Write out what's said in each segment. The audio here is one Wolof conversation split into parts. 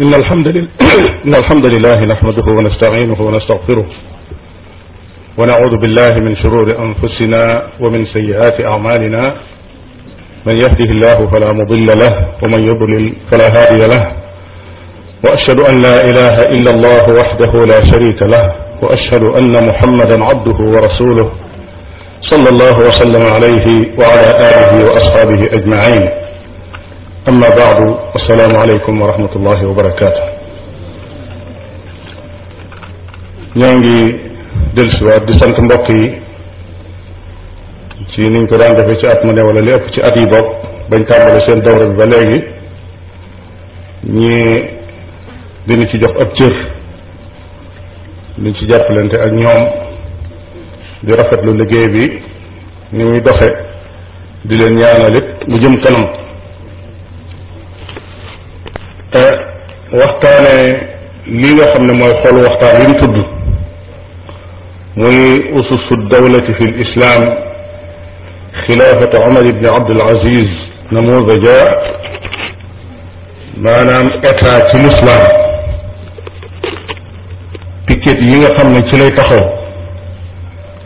إن الحمد لله إن الحمد لله نحمده ونستعينه ونستغفره ونعوذ بالله من شرور أنفسنا ومن سيئات أعمالنا من يهده الله فلا مضل له ومن يضلل فلا هادي له وأشهد أن لا إله إلا الله وحده لا شريك له وأشهد أن محمدا عبده ورسوله sallallahu wa sallam alayhi wa ala alihi wa ashabihi ajmain amma baadu assalaamu aleykum wa rahmatullahi wa barakaatu ñoo ngi dellusiwaat di sant mbokk yi ci niñ ko daan defee ci at mu ne wala li ëpp ci at yi bopp bañ tàmbale seen dawra bi ba léegi ñi dina ci jox ab cër liñ ci jàppalante ak ñoom di rafetlu liggéey bi ni muy doxe di leen ñaanal it mu jëm kanam waxtaane li nga xam ne mooy xool waxtaan wi mu tudd muy ususu dawlati fi lislaam xilaafatu Omar ibni Abdul Aziz namudaja maanaam état ci lislaam piquet yi nga xam ne ci lay taxaw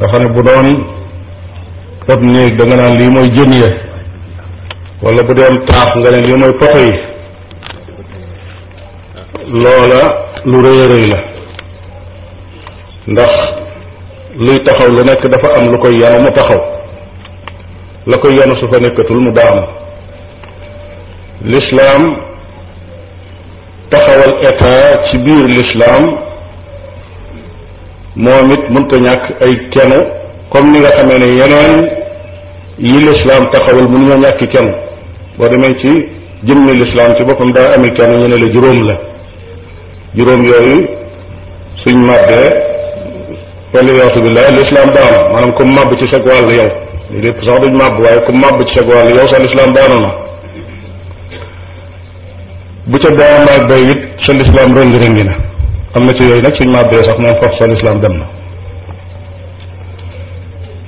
nga xam ne bu doon ab néeg da naan lii mooy jën ya wala bu dem taax nga ne lii mooy poto yi loola lu rëy a rëy la ndax luy taxaw lu nekk dafa am lu koy yanu mu taxaw la koy yanu su fa nekkatul mu daanu lislaam taxawal état ci biir lislaam moom it mënta ñàkk ay kenn comme ni nga xamee ne yeneen yi lislaam taxawal mënu ñoo ñàkki kenn boo demee ci jëmmi lislaam ci boppam daa ami kenn ñu ne la juróom la juróom yooyu suñ màbbee waliyaatu billah lislaam daanu maanaam comme màbb ci sag yow lépp sax duñ màbb waaye comme màbb ci sag wàll yow sa lislaam daanu na bu ca daa màbbee it sa lislaam rëng-rëngi na am na ci yooyu nag suñ ma abbee sax moom foofu sol islam dem na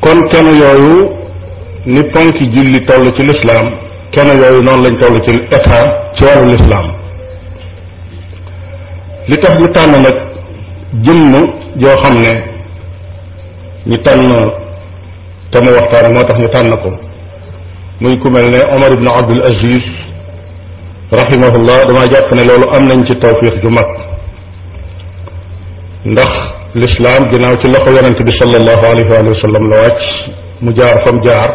kon kenn yooyu ni ponki julli toll ci lislaam kenn yooyu noonu lañ toll ci état ci wàllu lislaam li tax ñu tànn nag jëmm joo xam ne ñu tànn te mu waxtaan moo tax ñu tànn ko muy ku mel ne Omar ibn Abdul Aziz rahimahullah damaa jàpp ne loolu am nañ ci tawfiix ju mag ndax lislaam ginnaaw ci loxo yonent bi sallallahu alayhi wa sallam la wàcc mu jaar fam jaar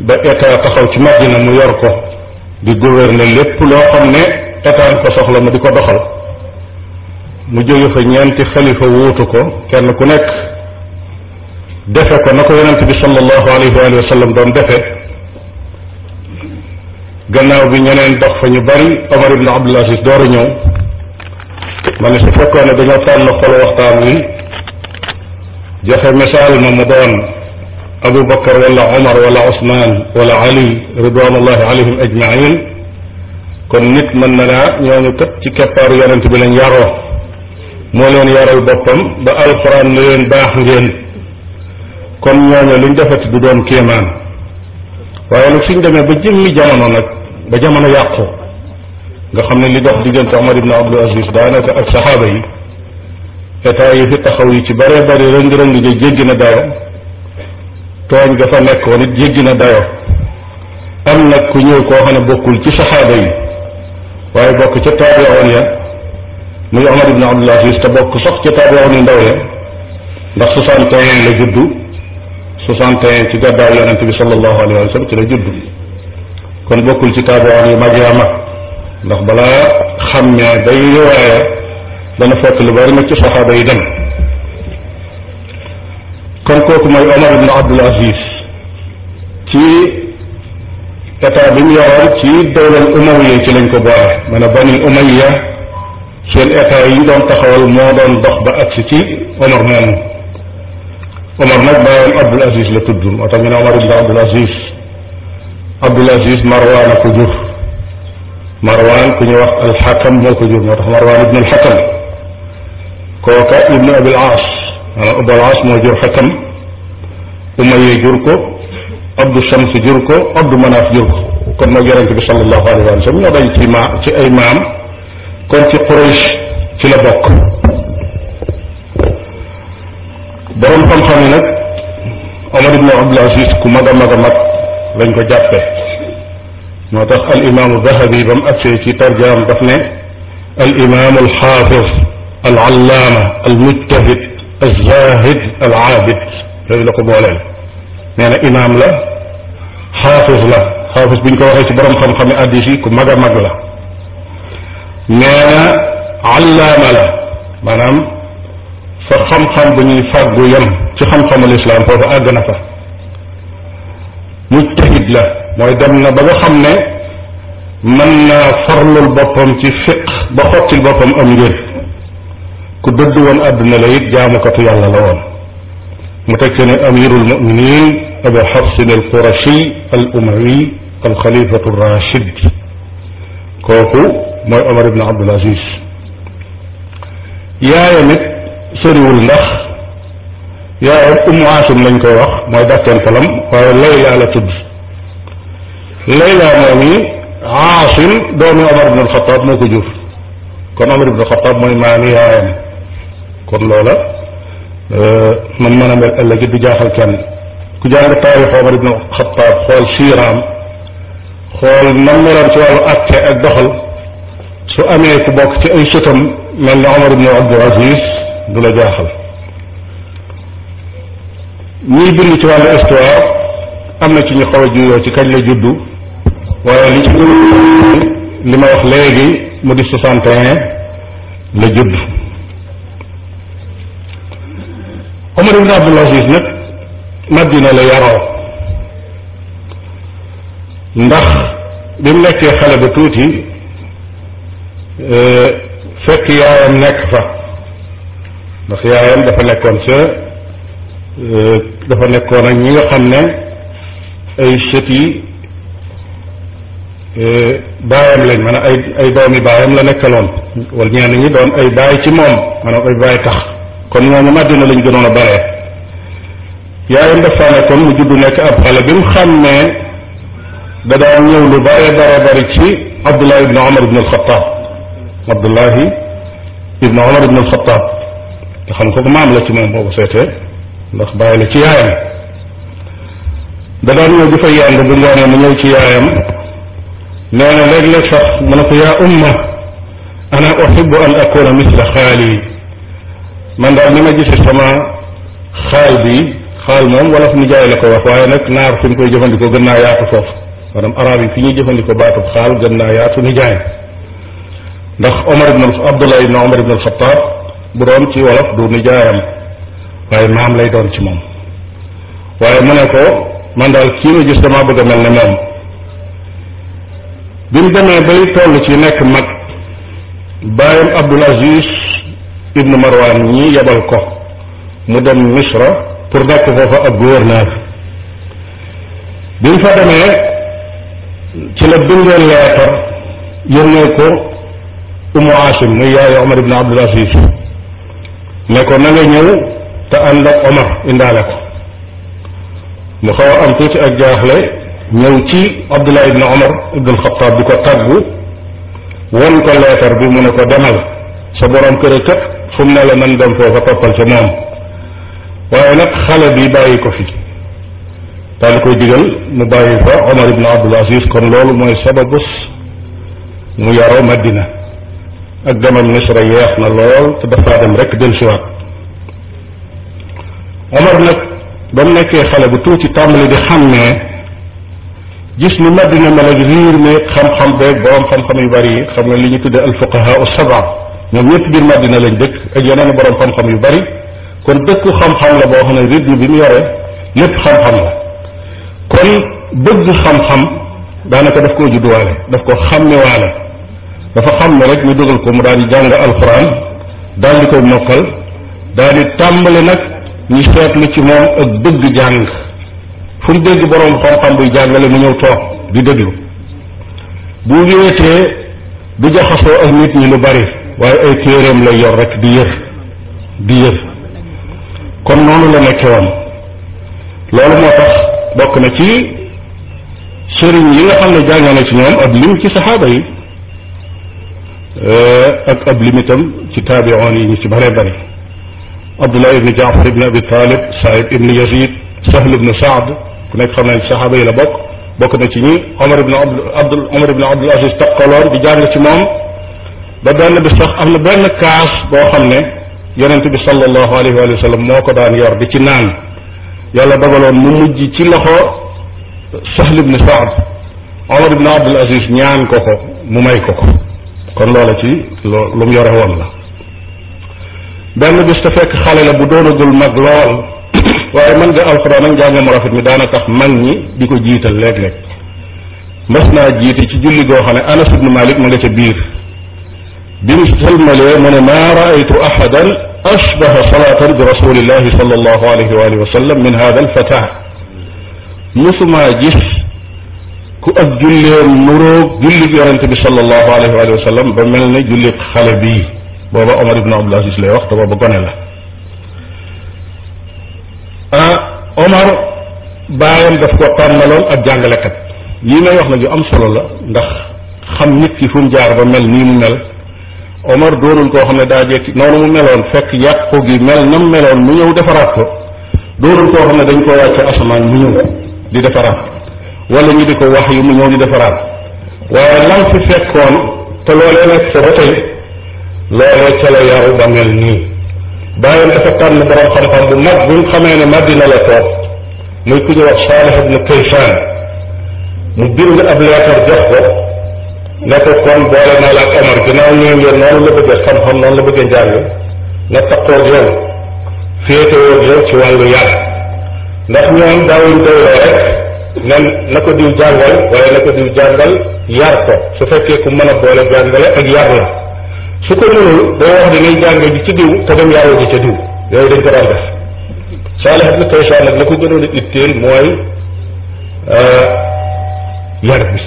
ba ci taxaw ci Madina mu yor ko di gouverner lépp loo xam ne état ko soxla mu di ko doxal mu jóge fa ñeenti xalifa wuutu ko kenn ku nekk defe ko na ko yonent bi sallallahu alayhi wa sallam doon defe gannaaw bi ñeneen dox fa ñu bari Omar ibn Abdul Aziz door a ñëw ma ne su fekkoon ne dañoo tànn xolu waxtaan wi joxe misaal ma mu doon Abu Bakar wala Omar wala Ousmane wala Ali ridwanullahi alayhim ajmain kon nit mën na naa ñooñu kat ci keppaaru yonent bi lañ yaroo moo leen yaral boppam ba alquran ne leen baax ngeen kon ñooñu luñ defati du doon kéemaan waaye nag suñ demee ba jëmmi jamono ba jamono yàqu nga xam ne li dox diggante Omar ibn Abdul Aziz daanaka ak saxaaba yi état yi fi taxaw yi ci bëree bëri rëng-rëng ga na dayo tooñ gafa fa nekkoon it jéggi na dayo am nag ku ñëw xam ne bokkul ci saxaaba yi waaye bokk ca taabiwoon ya muy Omar ibn Abdul Aziz te bokk sax ca taabiwoon yu ndax su et un la juddu su et un ci gàddaaw yonente bi sallallahu alayhi wa sallam ci la juddu kon bokkul ci taabiwoon yu mag yaa mag ndax balaa xàmmee bay riwaaya dana fekk lu bari nag ci saxaaba yi dem kon kooku mooy Omar Aziz ci état bi mu yoroon ci dawlal umawiya ci lañ ko boole maanaam bani umayya seen état yi ñu doon taxawal moo doon dox ba agsi ci Omar moomu Omar nag bàyyam Abdul Aziz la tudd moo tax ñu ne Omar ibn Aziz Abdul Aziz Marwaan a ko jur marwaan ku ñu wax alxakam moo ko jur moo tax marwaan ibn alxakam kooka ibnu abil aas maanaam abul aas moo jur xakam umaye jur ko abdu shams jur ko abdu manaaf jur ko kon nag yonent bi sallallahu alayhi wa sallam ñoo dañ ci ma ci ay maam kon ci quraish ci la bokk borom xam-xam yi nag omar ibnu abdul aziz ku mag a mag a mag lañ ko jàppee moo tax al imaamu dahabi ba mu agsee ci tarjaam daf al imaamu al xaafis al allaama al mujtahid al zahid al aabid yooyu la ko booleel nee na imaam la xaafis la xaafis bi ñu ko waxee ci borom xam-xami addis ku mag a mag la nee na la maanaam fa xam-xam bu ñuy fàggu yem ci xam-xamul islaam foofu àgg na fa mujtahid la mooy dem na ba nga xam na mën naa farlul boppam ci fiq ba xottil boppam am ngir ku dëdd woon àdduna la it jaamukatu yàlla la woon mu teg ci ne amirul muminin abu xafsin al qurashi al umawi al xalifatu rachid kooku mooy omar ibn abdul aziz yaayam it soriwul ndax yaayam umu aasim lañ koy wax mooy dàkkeen falam waaye layla la tudd Layla moom yi Aasim doomi Omar ibn al-Xattaab moo ko jur kon Omar ibn al-Xattaab mooy maami yaayam kon loola euh, man mën a mel ëllëg du jaaxal kenn ku jàng taarix Omar ibn al-Xattaab xool siiraam xool man meloon ci wàllu àtte ak doxal su amee ku bokk ci ay sëtam mel ni Omar ibn Abdul Aziz du la jaaxal ñuy bind ci wàllu histoire am na ci ñu xaw a juyoo ci kañ la juddu waaye li ci li ma wax léegi mu di soixante et un la judd Omar ibn Abdul Aziz nag Madina la yaroo ndax bi mu nekkee xale ba tuuti e, fekk yaayam nekk fa ndax yaayam dafa nekkoon ca e, dafa nekkoon ak ñi nga xam ne ay sët yi Euh, baayam lañ maanaam ay ay doomi baayam la nekkaloon wala ñenn ñi doon ay baay ci moom maanaam ay baay tax kon ñooñu Madina lañ gënoon a bare yaayam dafa nekkoon mu juddu nekk ab xale bi mu xàmmee da daan lu bare bare bari ci Abdullah ibn Omar ibn Abdullahi ibn Omar ibn al-Khattab nga ci moom boobu seetee yaayam da daan ñëw di fa yànd bu mu ñëw yaayam nee na léeg-léeg sax mu ne ko yaa umma ana uhibbu an akuna misla xaali man daal ni ma gisee sama xaal bi xaal moom wala fu jaay la ko wax waaye nag naar fi mu koy jëfandikoo gën naa yaatu foofu maanaam arab yi fi ñuy jëfandikoo baatub xaal gën naa yaatu ni jaay ndax Omar ibn Abdullah ibn Omar ibn al bu doon ci wolof du ni jaayam waaye maam lay doon ci moom waaye mu na ko man daal kii ma gis damaa bëgg a mel moom bi mu demee bay ci nekk mag baayam Abdul Aziz ibnu Marwan ñi mu dem Misra pour dekk foofa ab gouverneur bi mu fa ci la bindee leetar yónnee ko Umu Asim muy yaayu Omar ibnu Abdul Aziz ne ko na nga ñëw te ànd ak Omar indaale ko mu am tuuti ak jaaxle ñëw ci Abdullah ibn Omar ibn al di ko tàggu won ko leetar bi mu ne ko demal sa borom kër kat fu mu ne la nan dem foofa toppal ca waaye nag xale bi bàyyi ko fi daal koy digal mu bàyyi fa Omar ibn Abdul kon loolu mooy sababus mu yaroo Madina ak demam Misra yeex na lool te dafaa dem rek del siwaat Omar nag ba mu nekkee xale bu tuuti tàmbali di xàmmee gis ni Madina mel ak riir meeg xam-xam beeg borom xam-xam yu bari xam nga li ñu tuddee alfuqaha u saba ñoom ñëpp biir Madina lañ dëkk ak yeneen borom xam-xam yu bari kon dëkku xam-xam la boo xam ne rythme bi mu yore lépp xam kon bëgg xam daanaka daf koo judduwaale daf ko xàmmewaale dafa xam ne rek ñu dugal ko mu daal di jàng alquran daal di koy mokkal daal di tàmbali nag ñu seet seetlu ci moom ak bëgg jàng. fu ñu dégg boroom xam-xam buy jàngale mu ñëw toog di déglu bu wéetee du jaxasoo ak nit ñi lu bari waaye ay téeréem lay yor rek di yër di yër kon noonu la nekke loolu moo tax bokk na ci sëriñ yi nga xam ne jàngee na ci ñoom ab lim ci saxaaba yi euh, limitam ci taabiroon yi ñu ci bare bari abdullah ibni jaafar ibni abi talib saib ibni yazid sahl ku nekk xam naa saxaaba yi la bokk bokk na ci ñi Omar ibn Abdul Aziz taqaloon di jàng ci moom ba benn am na benn kaas boo xam ne yonent bi sallallahu alayhi wa sallam moo ko daan yor di ci naan yàlla dogaloon mu mujj ci loxo Sahl ibn Saad Omar ibn Abdul Aziz ñaan ko ko mu may ko ko kon loola ci lu mu yore woon la benn bis bu doonagul mag lool waaye man nga alxuraan ak njàngam rafet mi daana tax mag ñi di ko jiital léeg-léeg mas naa jiite ci julli goo xam ne Anas ibnu Malik ma nga ca biir bi mu salmalee mu ne maa raaytu ahadan ashbaha salaatan bi rasulillahi sallallahu alayhi wa alihi wa sallam min hada alfata musumaa gis ku ak julleem nuróog julli yonente bi sallallahu alayhi wa alihi wa sallam ba mel ne julli xale bii booba Omar ibnu Abdul Aziz lay wax te booba gone la Ah, Omar baayam daf ko tànnaloon ak jàngalekat lii may wax na yu am solo la ndax xam nit ki fu mu jaar ba mel nii mu mel Omar doonul koo xam ne daa jekki noonu mu meloon fekk yàqu gi mel nam meloon mu ñëw defaraat ko doonul koo xam ne dañ koo wàcce asamaan mu ñëw di defaraat wala ñu di ko wax yu mu ñëw di defaraat waaye lam fi fekkoon te loolee nekk fa ba tey loolee ca la ba mel nii bàyyam dafa tànn borom xam-xam bu mag buñ xamee ne Madina la toog muy ku ñu wax Saalih ibnu Kayfaan mu bind ab leetar jox ko ne ko kon boole naa la ak Omar ginnaaw ñoo ngeen noonu la bëggee xam-xam noonu la bëggee njàng na taqoog yow féetewoog yow ci wàllu yàlla ndax ñoom daawuñ doyloo rek nen na ko diw jàngal waaye na ko diw jàngal yar ko su fekkee ku mën a boole jàngale ak yar la su ko mënul day wax dangay jàng ji ci diw te dem yaayoo ji ca diw yooyu dañ ko daan def Saalih ibn Kaysaan nag la ko gënoon a itteel mooy euh, yar bi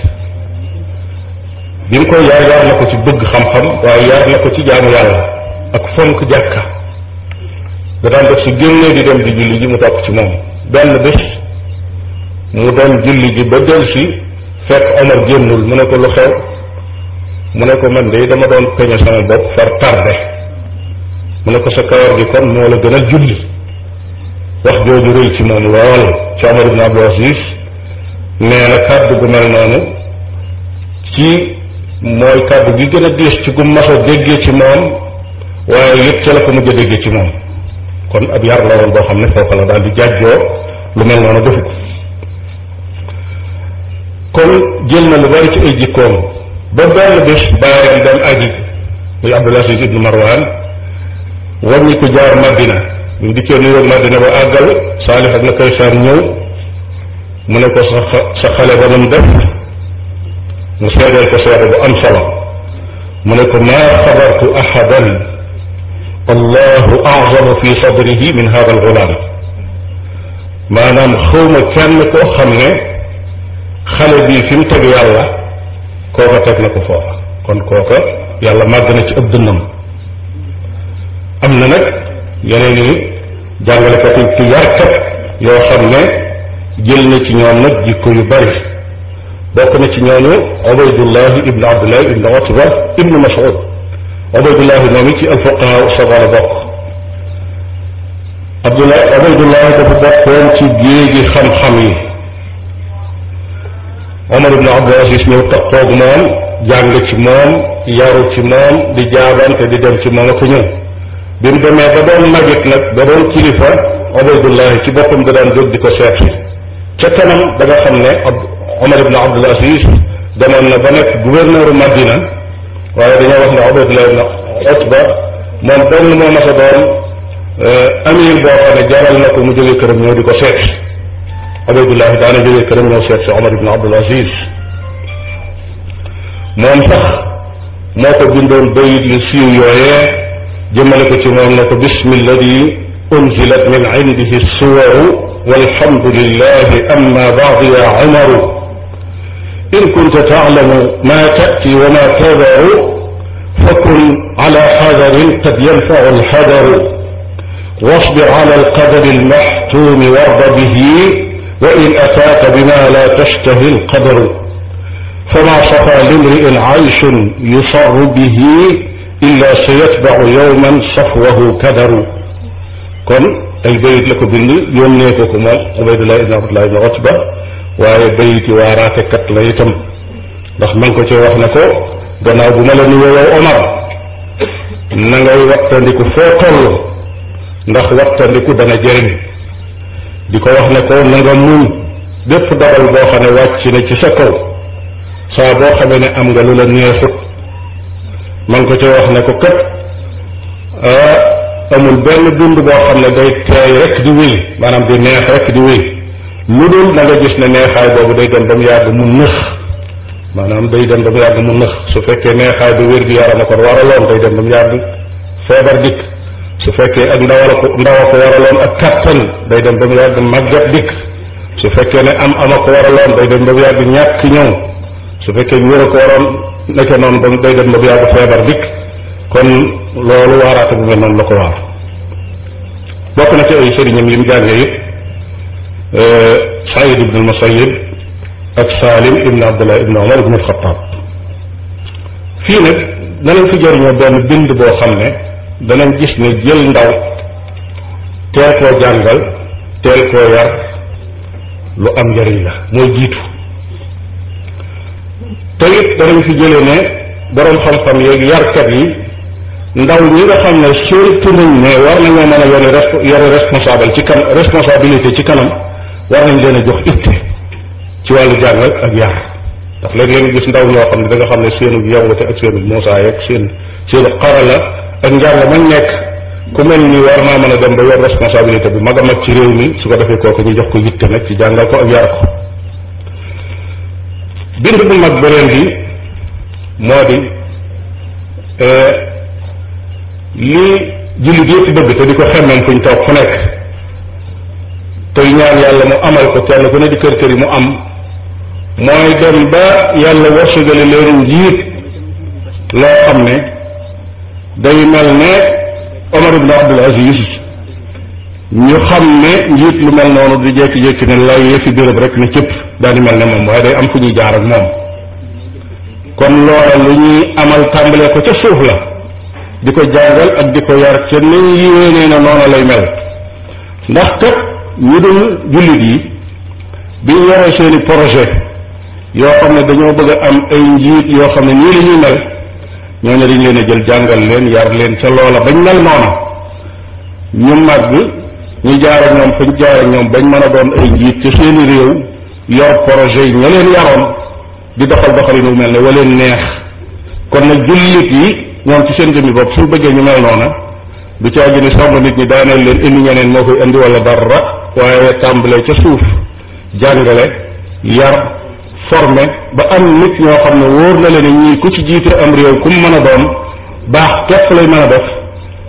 bi mu koy yar yar na ko ci bëgg xam-xam waaye yar na ko ci jaamu yàlla ak fonk jàkka da def su génnee di dem di julli ji mu topp ci moom benn bés mu dem julli ji ba delsi fekk Omar génnul mu ne ko lu xew mu ne ko man de dama doon peñe sama bopp far tarde mu ne ko sa kawar gi kon moo la gën a julli wax jooju rëy ci moom lool ci Omar ibn Abdul Aziz nee na kàddu gu mel noonu ci mooy kàddu gi gën a diis ci gum mas déggee ci moom waaye yëpp ca la ko mujj déggee ci moom kon ab yar la boo xam ne foofa la daal di jàjjoo lu mel noonu defu ko kon jël na lu bari ci ay jikkoom ba benn bés bàyyam dem aji muy Abdul Aziz ibnu Marwan wàññi ko jaar Madina bu dikkee nuyoo Madina ba àggal Saalix ak na Kaysaan ñëw mu ne ko sa sa xale ba mu def mu seedeel ko seede bu am solo mu ne ko maa xabartu ahadan allahu azamu fi sadrihi min hada alxulaam maanaam xawma kenn koo xam ne xale bii fi mu teg yàlla kooka teg na ko foofa kon kooka yàlla màgg na ci ëpp dënnam am na nag yeneen i jàngalekat yi ci yarkat yoo xam ne jël na ci ñoom nag jikko yu bari bokk na ci ñooñu Ubaydullahi ibn Abdullahi ibn Utba ibn Mas'ud Ubaydullahi moom it ci alfuqahaa saba la bokk Abdullah Ubaydullahi dafa bokkoon ci géeji xam-xam yi Omar ibn Abdul Aziz ñëw toog moom jàng ci moom yaru ci moom di jaabante di dem ci moom ak ñëw bi mu demee ba doon magit nag ba doon kilifa Ubaydullahi ci boppam da daan jóg di ko seet si ca kanam da nga xam ne Omar ibn Abdul Aziz demoon na ba nekk gouverneur Madina waaye dañoo wax ne Ubaydullahi ibn Utba moom benn moo mas a doon euh, amir boo xam ne jaral na ko mu jóge këram ñëw di ko seet Ubaydullahi daana jógee këram ñëw seet si Omar ibn Abdul Aziz moom sax moo ko bindoon bayit yu siiw yooyee jëmale ko ci moom ne ko bismilladi unzilat min indihi suwaru walhamdulillahi amma baadu ya Umaru in kunta taalamu ma tati wa ma tabaru fakun ala xadarin qad yanfau alxadaru wasbir ala alqadari almaxtuumi warda bihi وإن أتاك بما لا تشتهي القدر فما صفى لامرئ عيش يصر به إلا سيتبع يوما صفوه كدر kon ay bayit la ko bind yónnee ko ko moom Ubaydullah ibn Abdullah ibn Utba waaye bayit yi waaraatekat la itam ndax ma ngi ko ci wax na ko gannaaw bu ma la nuyoo yow Omar na ngay wattandiku foo toll ndax wattandiku dana jëriñ di ko wax ne ko na nga muñ bépp dogal boo xam ne wàcc na ci sa kaw saa boo xamee ne am nga lu la neexut ma ngi ko ci wax ne ko kat ah, amul benn dund boo xam ne day teey rek di wéy maanaam di neex rek di wéy lu dul na nga gis ne neexaay boobu day dem ba mu yàgg mu nëx maanaam day dem ba mu yàgg mu nëx su fekkee neexaay bi wér bi yaram a ko waraloon day dem ba mu yàgg feebar dikk su fekkee ak ndaw ko ndaw a ko waraloon ak kattan day dem ba mu yàgg màggat dikk su fekkee ne am ama ko waraloon day dem ba mu yàgg ñàkk ñëw su fekkee wér a ko waroon nekke noonu ba day dem ba mu yàgg feebar dikk kon loolu waaraate bu mel noonu la ko waar bokk na ci ay sëriñam yi mu jàngee yëpp eh, ibn Abdullah ibn Omar ibn al-Khattab fii nag danañ fi jëriñoo benn bind boo xam ne danañ gis ne jël ndaw teel koo jàngal teel koo yar lu am njariñ la mooy jiitu te it danañ fi jële ne boroom xam-xam yeeg yarkat yi ndaw ñi nga xam ne surtout nañ ne war nañoo mën responsable ci kan responsabilité ci kanam war nañ leen jox itte ci wàllu jàngal ak yar ndax léeg-léeg gis ndaw ñoo xam ne da xam ne seenu yawute ak seenu moosaa yeeg seen seenu xarala ak njàng mañ nekk ku mel ni war naa mën a dem ba yor responsabilité bu mag a mag ci réew mi su ko defee kooku ñu jox ko yitte nag ci jàngal ko ak yar ko bind bu mag beneen bi moo di e, li jullit yëpp bëgg te di ko xemmem fuñ toog fu nekk tey ñaan yàlla mu amal ko kenn ku ne di kër kër yi mu am mooy dem ba yàlla warsugali leen njiit loo xam ne day mel ne Omar ibn Abdul ñu xam ne njiit lu mel noonu di jékki-jékki ne lay yëfi béréb rek ne cëpp daal mel ne moom waaye day am fu ñuy jaar ak moom kon loola lu ñuy amal tàmbalee ko ca suuf la di ko jàngal ak di ko yar ca niñ yéenee na noonu lay mel ndax kat ñu dul jullit yi biñ yore seeni projet yoo xam ne dañoo bëgg a am ay njiit yoo xam ne nii la ñuy mel ñooñu dañ leen a jël jàngal leen yar leen ca loola bañ mel noonu ñu màgg ñu jaar ak ñoom fañ jaar ak ñoom bañ mën a doon ay njiit ci seeni réew yor projet yi ña leen yaroon di doxal doxalin wu mel ne waleen neex kon nag jullit yi ñoom ci seen jëmmi bopp suñ bëggee ñu mel noona du caa gi ni sàmm nit ñi daaneel leen indi ñeneen moo koy indi wala dara waaye tàmbalee ca suuf jàngale yar formé ba am nit ñoo xam ne wóor na leen ñii ku ci jiite am réew ku mu mën a doon baax képp lay def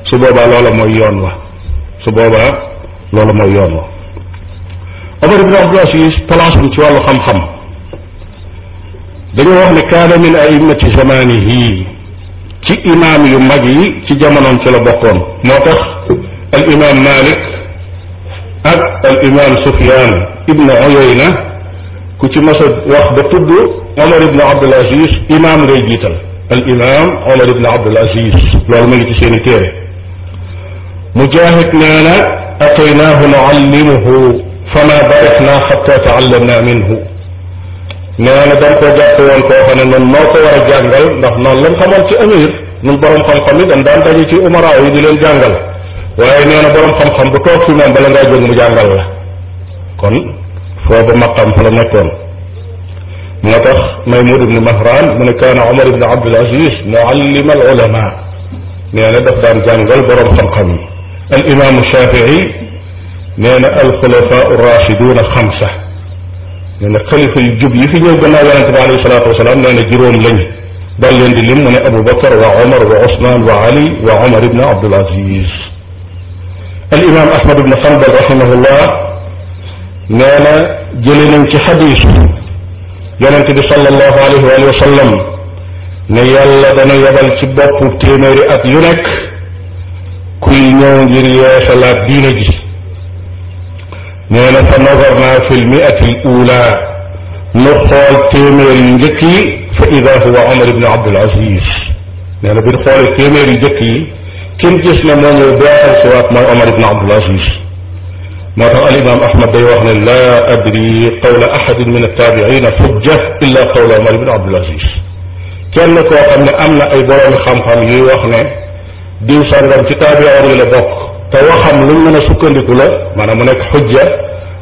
su boobaa loola mooy yoon wa su boobaa loola mooy yoon wa Omar ibn Abdul Aziz place bi ci wàllu xam-xam dañoo wax ne kaana min a'immati zamanihi ci imaam yu mag yi ci jamonoom ci la moo tax al imaam Malik ak al imaam Sufyan ibn Uyayna ku ci mos a wax ba tudd Omar ibn Abdul Aziz imaam ngay jiital al imaam Omar ibn Abdul Aziz loolu ma ngi ci seen i téere Mujahid nee na ataynaahu nuallimuhu fama baretna xata taallamna minhu nee na dañ koo jàpp woon koo xam ne noonu noo war a jàngal ndax noonu lañ xamoon ci amir ñun borom xam-xam yi dañ daje ci umaraaw di leen jàngal waaye nee na borom xam-xam bu toog fi moom bala ngaa mu jàngal la foofu maqam fa la nekkoon moo tax Maymun ibnu Mahran mu ne kaana Omar ibnu Abdul Aziz muallima al ulama nee na daf daan jàngal borom xam-xam yi al imaamu Shafii nee na al xulafaa rachiduna xamsa nee na xalifa yu jub yi fi ñëw gannaaw yonente bi alayhi salaatu wasalaam nee na juróom lañ daal leen di lim mu ne Abu Bakar wa Omar wa Ousmane wa Ali wa Omar ibnu Abdul Aziz al imaam Ahmad ibnu Hanbal rahimahullah nee na jële nañ ci xadiis yonente bi sallallahu alayhi wa sallam ne yàlla dana yebal ci bopp téeméeri at yu nekk kuy ñëw ngir yeesalaat diine ji nee na fa nazar fi lmiati l nu xool téeméer yu njëkk yi fa huwa omar ibn abdul bi ñu xoolee téeméer yu moo tax alimaam ahmad day wax ne laa adri qawla ahadin min attaabiina xujja illa qawla omar ibn abdul aziz kenn koo xam ne am na ay boroomi xam-xam yuy wax ne diw sàngam ci taabiyoon yi la bokk te waxam luñ mën a sukkandiku la maanaam mu nekk xujja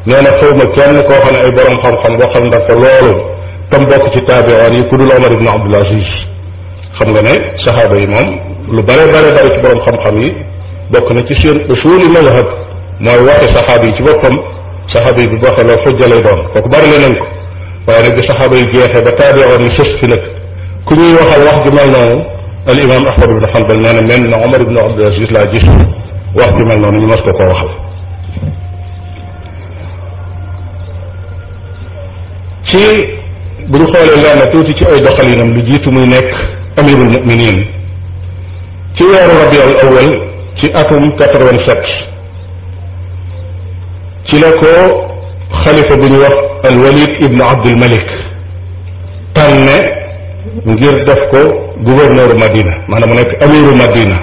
nee na xaw ma kenn koo xam ne ay borom xam-xam waxal na ko loolu tam bokk ci taabiyoon yi ku dul omar ibn abdul aziz xam nga ne saxaaba yi moom lu bare bare bare ci borom xam-xam yi bokk na ci seen usuli mazhab mooy woote saxaaba yi ci boppam saxaaba yi bu bokkee loolu fujja lay doon kooku bari la nañ ko waaye nag bi saxaaba yi jeexee ba taabiyoon ni sës fi nag ku ñuy waxal wax ju mel noonu al imam ahmad ibn hanbal nee na mel na omar ibn abdul aziz laa gis wax ju mel noonu ñu mas ko koo waxal ci bu ñu xoolee leer na tuuti ci ay doxalinam lu jiitu muy nekk amirul muminin ci weeru rabiul awal ci atum quatre-vingt-sept ci la ko xalifa bu ñu wax alwalid ibnu abdul malik tànne ngir def ko gouverneur madina maanaam mu nekk amiru madina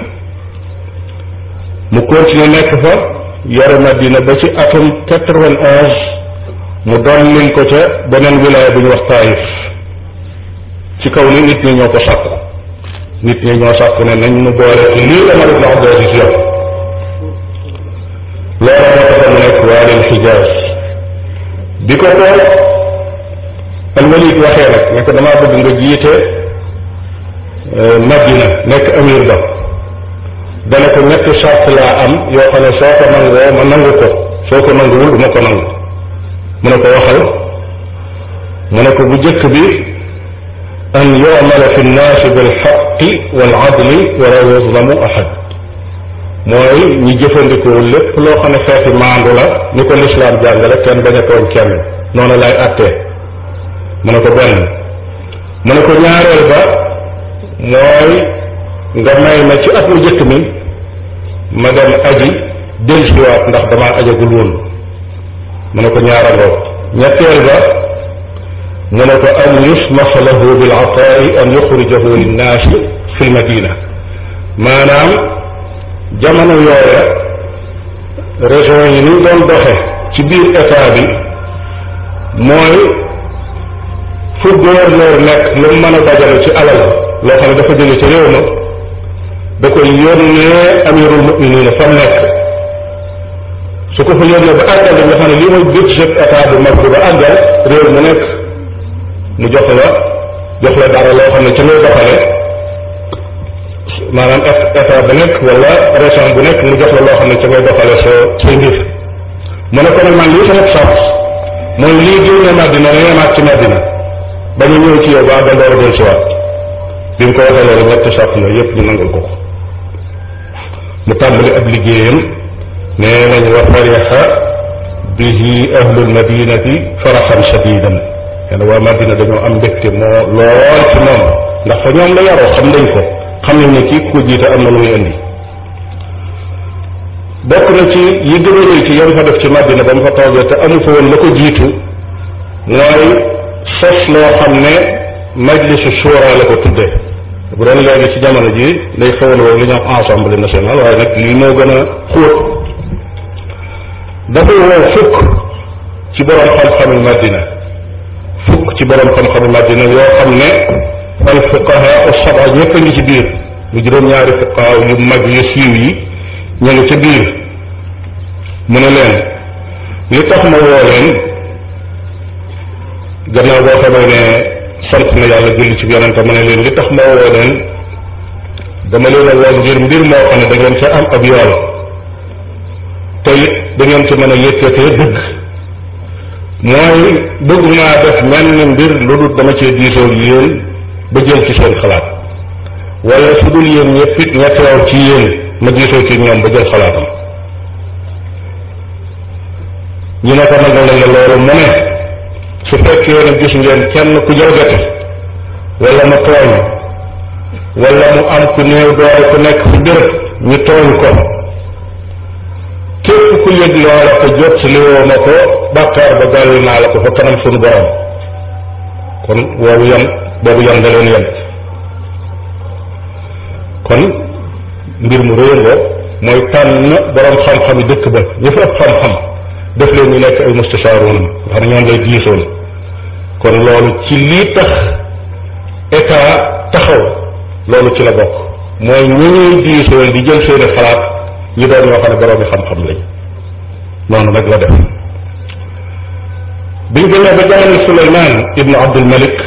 mu continuer nekk fa yore madina ba ci atum quatre-vingt-onze mu dollil ko ca beneen wilaya bu ñu wax taayif ci kaw ni ñi ko sàkku nit Abdul aswaari alxijaas bi ko ko alwalid waxee nag ne ko damaa bëgg jiite euh, madina nekk amir ba dana ko ñetti charte laa am yoo xam ne soo ko nangoo ma nangu ko soo ko nanguwul ma ko nangu mu ne waxal mu bu jëkk bi an yu'mala fi nnaasi bilxaqi waladli wala yuzlamu ahad mooy ñu jëfandikoo lépp loo xam ne xeeti maandu la ni ko lislaam jàngale kenn bañ a kenn noonu lay àttee mu ne ko benn mu ne ko ñaareel ba mooy nga may ma ci at mu njëkk mi ma dem aji dellusiwaat ndax damaa ajagul woon mu ne ko ñaareel ba ñetteel ba mu ne ko an yusmax lahu bil ataai an yuxrijahu linnaasi fi lmadina maanaam jamono yooya région yi ni ñu doon doxe ci biir état bi mooy fu gouverneur nekk lu mu mën a dajale ci alal loo xam ne dafa jële ci réew ma da koy yónnee amirul muminina fa nekk su ko fa yónnee ba àggal da nga xam ne lii mooy budget état bu mag bi ba àggal réew mu nekk mu jox la jox la dara loo xam ne ci lay doxale maanaam état bu nekk wala région bu nekk mu jox la loo xam ne ca koy doxale sa say mu ne ko nag man lii sama sart mooy lii diw ne Madina ne yemaat ci Madina ba ñu ñëw ci yow ba ba door a del si waat mu ko waxee yëpp ñu nangul ko mu tàmbali ab liggéeyam nee nañ wa fariha bihi ahlul madinati faraxan shadidan waa Madina dañoo am mbégte moo lool ci moom ndax fa la yaroo xam nañ ko xam nañ ne kii ko jiite am na muy indi bokk na ci yi gën a ci yam fa def ci Madina ba mu fa toogee te amu fa woon la ko jiitu mooy sos loo xam ne majlisu shura la ko tuddee bu doon léegi ci jamono ji day xewal woon li ñu am assemblée waaye nag lii moo gën a xóot dafa woo fukk ci borom xam-xamu Madina fukk ci borom xam-xamu Madina yoo xam ne wal fuqahaa u saba ñëpp a ngi ci biir lu juróom-ñaari fuqahaa yu mag yu siiw yi ñu ngi ci biir mu ne leen li tax ma woo leen gannaaw boo xamee ne sant na yàlla julli ci yonente mu ne leen li tax ma woo leen dama leen a woo ngir mbir moo xam ne da ngeen ca am ab yool te da ci mën a yëkkatee dëgg mooy bëgg naa def mel ni mbir lu dul dama cee diisoo yéen ba jël ci seen xalaat wala su dul yéen ñëpp it ña ci yéen ma gisoo ci ñoom ba jël xalaatam ñu ne ko nagal nañ la loolu mu ne su fekkee ne gis ngeen kenn ku jalgati wala mu tooñ wala mu am ku néew doole ku nekk fu béréb ñu tooñ ko képp ku yëg loola ko jot si liwoo ma ko bàkkaar ba gàll naa la ko fa kanam suñu borom kon woowu yam boobu yoon da doon kon mbir mu rëyandoo mooy tànn borom xam-xam yi dëkk ba ñu fa xam-xam def leen ñu nekk ay mustashaaroon nga xam ñoom lay diisoon kon loolu ci lii tax état taxaw loolu ci la bokk mooy ñu ñuy diisoon di jël seeni xalaat ñu doon ñoo xam ne xam-xam lañ noonu nag la def biñ demee ba jamono Suleymaan ibnu Abdul Malik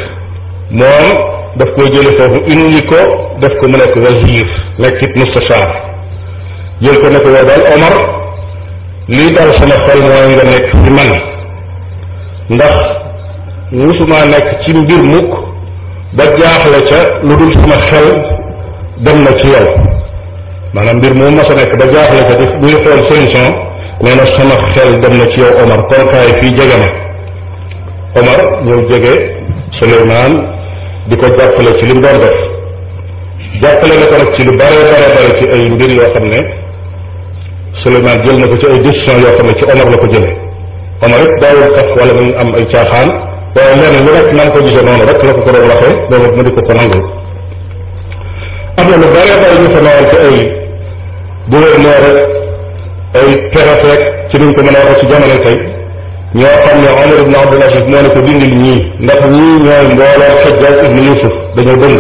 moom daf koy jële foofu indi ko def ko mu nekk wasiir nekkit mustashar jël ko ne ko yow daal Omar lii daal sama xol mooy nga nekk ci man ndax musuma nekk ci mbir mukk ba jaaxle ca lu dul sama xel dem na ci yow maanaam mbir moom mos nekk ba jaaxle ca di buy xool solution nee sama xel dem na ci yow Omar kon kaay fii jege Omar ñëw jege Suleymaan di ko jàppale ci lim mu doon def jàppale na ko nag ci lu bare bare bare ci ay mbir yoo xam ne Souleymane jël na ko ci ay décision yoo xam ne ci Omar la ko jële Omar rek daawul tax wala muy am ay caaxaan waaye lenn lu rek na ko gisee noonu rek la ko ko doon waxee boobu mu di ko ko nangul am na lu bare bare ñu fa newoon ci ay gouverneur rek ay préfet ci niñ ko ma a waxee ci jamono tey ñoo xam ne Omar ibn Abdul Aziz moo ne ko dindil ñii ndax ñii ñooy mbooloo Hajjaaj ibn Yuusuf dañoo dëng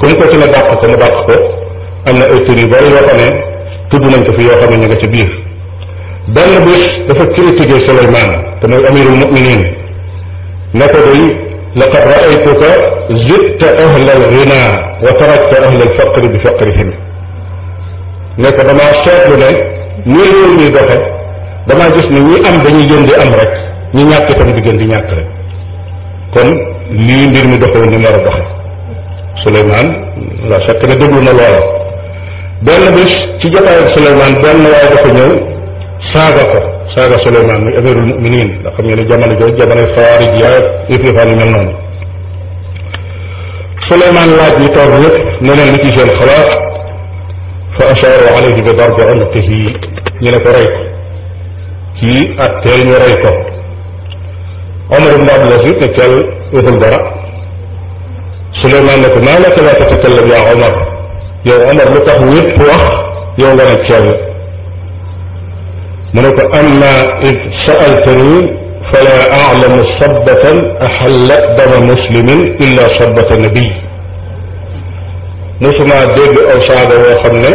ko ci la dàq ko mu dàq ko am na ay tur yu bari yoo nañ ko fi yoo xam ne ñu nga ci biir benn bés dafa critiqué Suleymaan te mooy ahla alghina wa ahla alfaqri bi faqrihim ne ko damaa ni réew damaa gis ne ñi am dañuy gën di am rek ñi ñàkk itam di di ñàkk rek kon lii mbir mi doxewu ni nar a doxe Souleymane la fekk ne déglu na loola benn bis ci jotaayu Souleymane benn waaye dafa ñëw saaga ko saaga Souleymane muy amirul muminin ndax xam ngeen ne jamono jooju jamonoy xawaarij yaa ifrifaan yu mel noonu Souleymane laaj ñu toog ñëpp ne leen li ci seen xalaat fa asharu alayhi bi darbi unqihi ñu ne ko rey ko ci attee ñu rey ko Omar ibn Abdul Aziz ne teel waxul dara Suleymaan ne ko maa laka laa tatakallam yaa Omar yow Omar lu tax ñëpp wax yow nga ne teel mu ne ko amma id saaltani fala alamu sabbatan axallat dama muslimin illa sabbata nabiy musuma dégg aw saada woo xam ne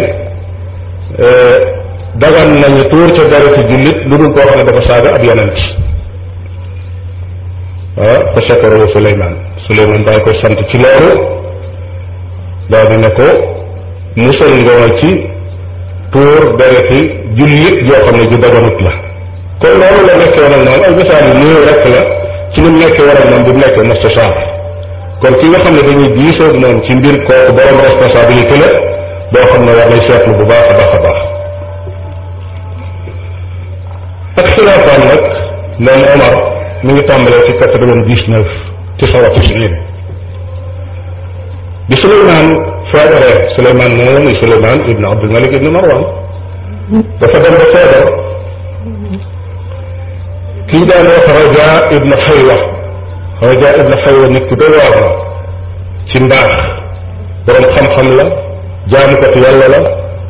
eh, dagan nañu tuur ca deretu jullit lu dul koo xam ne dafa saaga ab yonent ah fa shakara Suleymaan Suleymaan daal koy sant ci loolu daal di ne ko musal nga ma ci tuur dereti jullit joo xam ne ju daganut la kon loolu la nekkee woon ak moom ay misaal yu néew la ci ni mu nekkee woon ak moom bi mu nekkee mustasaar kon ki nga xam ne dañuy diisoo moom ci mbir kooku borom responsabilité la boo xam ne war lay seetlu bu baax baax baax ak xilaafaam nag moom Omar mi ngi tàmbalee ci quatre-vingt-dix-neuf bi Souleymane feebaree Souleymane moom muy Souleymane ibn Abdul Malik ibn Marwan dafa dem ba feebar ki ñu daan wax Raja ibn Xaywa Raja ibn Xaywa nit ku doy waar la ci mbaax borom xam-xam la jaamukatu yàlla la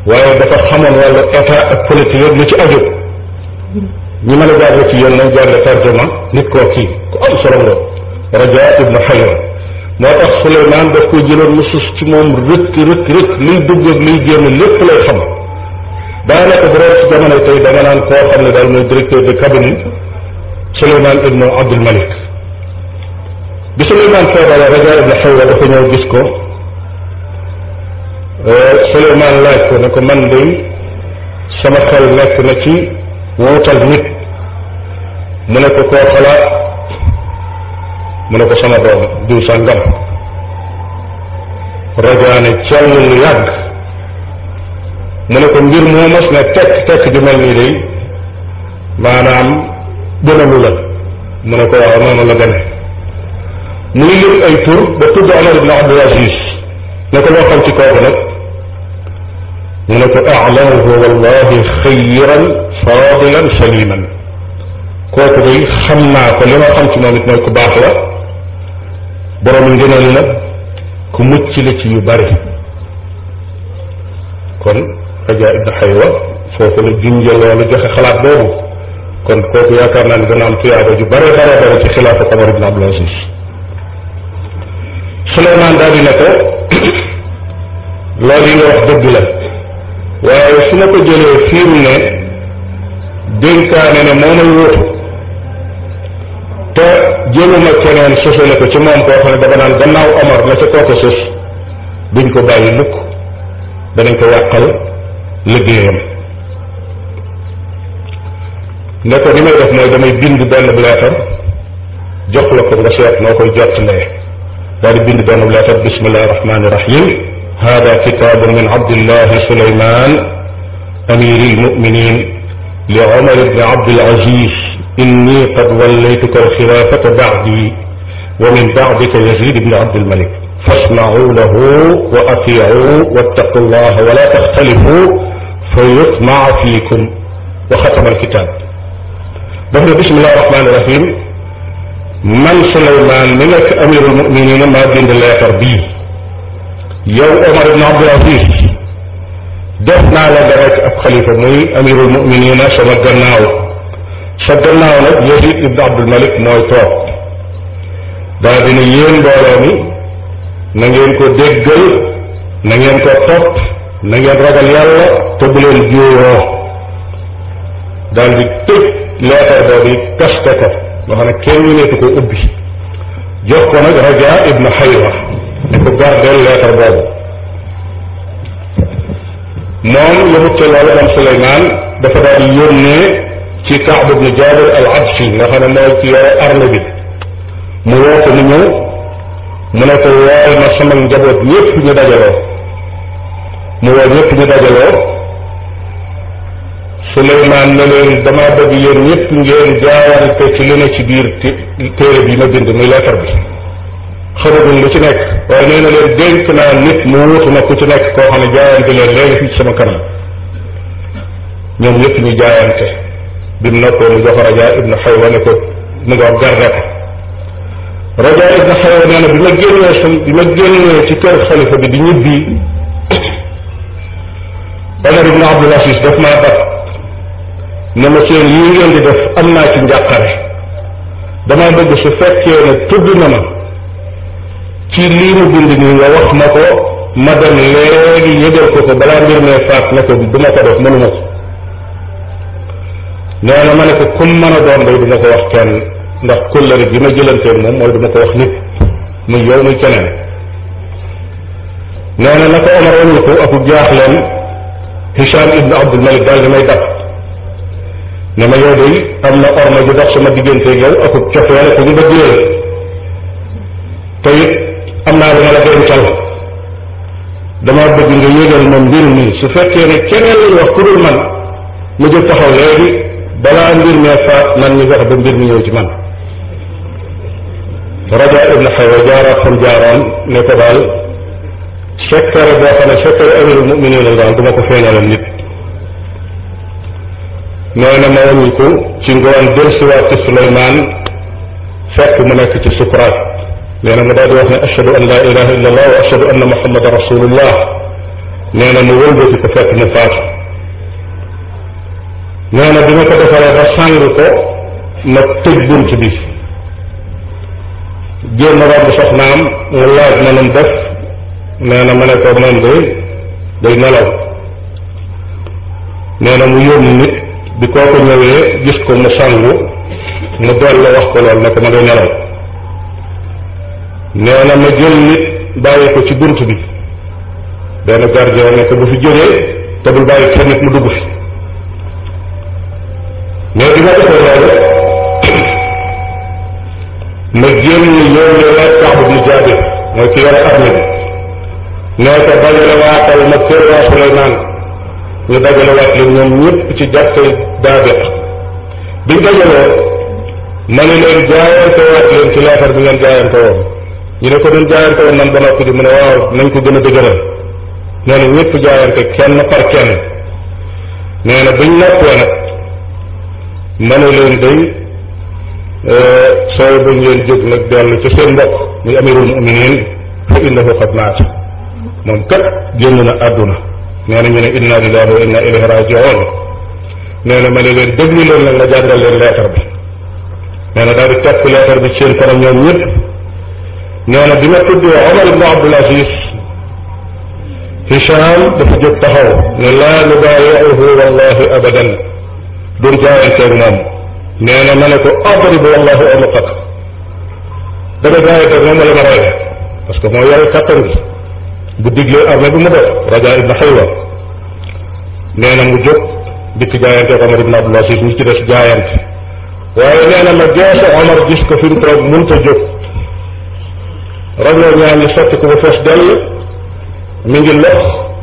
waaye dafa xamoon wàllu état ak politique yëpp ci aju ñi mën a jaarale ci yéen nañ jaarale tarjuma nit koo kii ku am solo nga raja ibnu xayra moo tax Souleymane daf koy jëloon mu sus ci moom rëkk rëkk rëkk liy dugg ak liy génn lépp lay xam daanaka bu doon ci jamono tey dama naan koo xam ne daal mooy directeur de cabinet Souleymane ibnu Abdul Malik bi Souleymane feebare raja ibnu xayra dafa ñëw gis ko euh, Souleymane laaj ko ne ko man de sama xel nekk na ci wootal nit mu ne ko koo xalaat mu ne ko sama doom diw sàngam rajaane cell lu yàgg mu ne ko mbir moo mos ne tekk tekk ju mel nii day maanaam gënalu la mu ne ko waaw noonu la gëne muy lim ay tur ba tudd Omar ibn Abdul Aziz ne ko loo xam ci kooku nag mu ne ko alamuhu wallahi xayiran faadilan saliman kooku day xam naa ko li ma xam ci moom it mooy ku baax la borom ngëneel la ku mucc la ci yu bari kon Adja Ibn Xaywa foofu la junjee loolu joxe xalaat boobu kon kooku yaakaar naa ne dana am tuyaaba ju bare bare bare ci xilaafa Omar ibn Abdul Aziz la waaye su ma ko jëlee fiiru ne dénkaane ne moo may wóotu te jëluma keneen sosale ko ci moom koo xam ne dama gannaaw Omar la ca kooku sos duñ ko bàyyi lukk danañ ko yàqal liggéeyam ne ko ni may def mooy damay bind benn leetar la ko nga seet noo koy jottalee daal di bind benn leetar bismillahi rahmaani rahim hada kitaabun min abdillahi suleyman amiri almuminin li Omar ibn Abdul Aziz inni qad wallaytuka alxilaafata ba'di wa min ba'dika Yazid ibn Abdul Malik fasma'u lahu wa atii'u wattaqu llaha wa la taxtalifu fa yutma'a fiikum wa xatama alkitaab daf ne bismillahi rahmaani rahim man Suleymaan mi nekk amirul muminina maa bind leetar bii yow Omar ibn Abdul Aziz def naa la dara ci ab xalifa muy amirul muminina sama gannaaw sa gannaaw nag Yazid ibn Abdul Malik mooy toog dana dina yéen mbooloo na ngeen ko déggal na ngeen ko topp na ngeen ragal yàlla te bu leen juuyoo daal di tëj leetar boobu kaste ko nga xam ne kenn ñu neetu ko ubbi nag Raja ibn Xaywa ne ko gardeel leetar boobu moom yëmut ca loolu moom Suleymaan dafa daal di yónnee ci Kaab ibnu Jaabir al Adfi nga xam ne mooy mu woo ko mu mu ne ko wool na sama njaboot ñëpp ñu dajaloo mu woo ñëpp ñu dajaloo Suleymaan ne leen damaa bëgg yéen ñëpp ngeen jaawante ci li ci biir téere bi ma bind muy leetar bi xamaguñ lu ci nekk waaye nee leen dénk naa nit mu wutu ku ci nekk koo xam ne jaayante leen léegi fii ci sama kanam ñoom ñëpp ñu jaayante bi mu noppee ko mu nga garde ko Rajaa ibnu Xaywa nee bi ma génnee sam bi ma génnee ci kër xalifa bi di ñibbi Omar ibnu Abdul Aziz daf maa bat ne ma seen yii ngeen di def am naa ci njàqare damaa bëgg su fekkee ne tudd na ma ci lii ma bind nii nga wax ma ko ma dem léegi yëgal ko ko balaa mbir mee faat ne ko du ma ko def mënuma ko nee na ma ne ko kum mën a doon day du ma ko wax kenn ndax kóllëre bi ma jëlanteeg moom mooy du ma ko wax nit muy yow muy keneen nee na na ko Omar wanul ko aku jaaxleen Hisham ibn Abdul Malik daal di may dab ne ma yow day am na orma ju dox sama digganteeg yow aku cofeel aku ñu bëgg te it am naa lu ma la dencal dama bëgg nga yëgal ma mbir mi su fekkee ne keneen wax ku dul man mu jóg taxaw léegi balaa mbir mee faat nan ñu wax ba mbir mi ñëw ci man raja ibn xawa jaaraat xam jaaraan ne ko daal sekkare boo xam ne sekkare amirul muminin la daal du ma ko feeñalal nit nee na ma wàññi ko mu nekk ci sukuraat nee na mu daal di wax ne ashhadu an la ilaha illa allah wa ashhadu anna muhammadan rasulullah nee na mu wëlbati ko fekk mu faatu nee na bi ma ko defaree ba sàng ko ma tëj bunt bi génn romb soxnaam mu laaj ma nu mu def nee na ma ne ko moom day day nelaw nee na mu yónni nit bi kooku ñëwee gis ko mu sangu mu dellu wax ko loolu ne ko ma ngay nelaw nee na ma jël nit bàyyi ko ci bunt bi benn gardien ne ko bu fi jógee te bul bàyyi kenn nit mu dugg fi mais bi ma defee loolu ma jël yoon ne Kaab ibnu Jaabir ki yore armée nee ko dajale waatal ma kër waa Suleymaan ñu dajale waat leen ñoom ñëpp ci jàkkay daabe biñ dajaloo ma ne leen jaayante waat leen ci leetar bi ngeen jaayante woon ñu ne ko doon jaayante woon nan ba noppi di mu ne waaw nañ ko gën a dëgëral nee na ñëpp jaayante kenn par kenn nee na buñ noppee nag ma ne leen day sooy bañ leen jóg nag dellu ci seen mbokk muy amirul muminin fa innahu qad maat moom kat génn na àdduna nee na ñu ne inna lillahi inna ilayhi rajiun nee na ma ne leen déglu leen nag nga jàngal leen leetar bi nee na daal di tekk leetar bi ci seen kanam ñoom ñëpp nee na bi ma tuddee Omar ibn Abdul Aziz Hicham dafa jóg taxaw ne laa nubaayiuhu wallahi abadan duñ jaayanteeg moom nee na ma ne ko adrib wallahu unuqak dama jaayanteeg moom wala ma rey parce que moo yore kàttan gi bu diglee mu def Raja ibn na mu jóg dikk jaayanteeg Abdul Aziz ñi ci des jaayante waaye ma geese Omar gis ko fi mu ragloo ñaan yi sotti ko ba fees dell mi ngi lox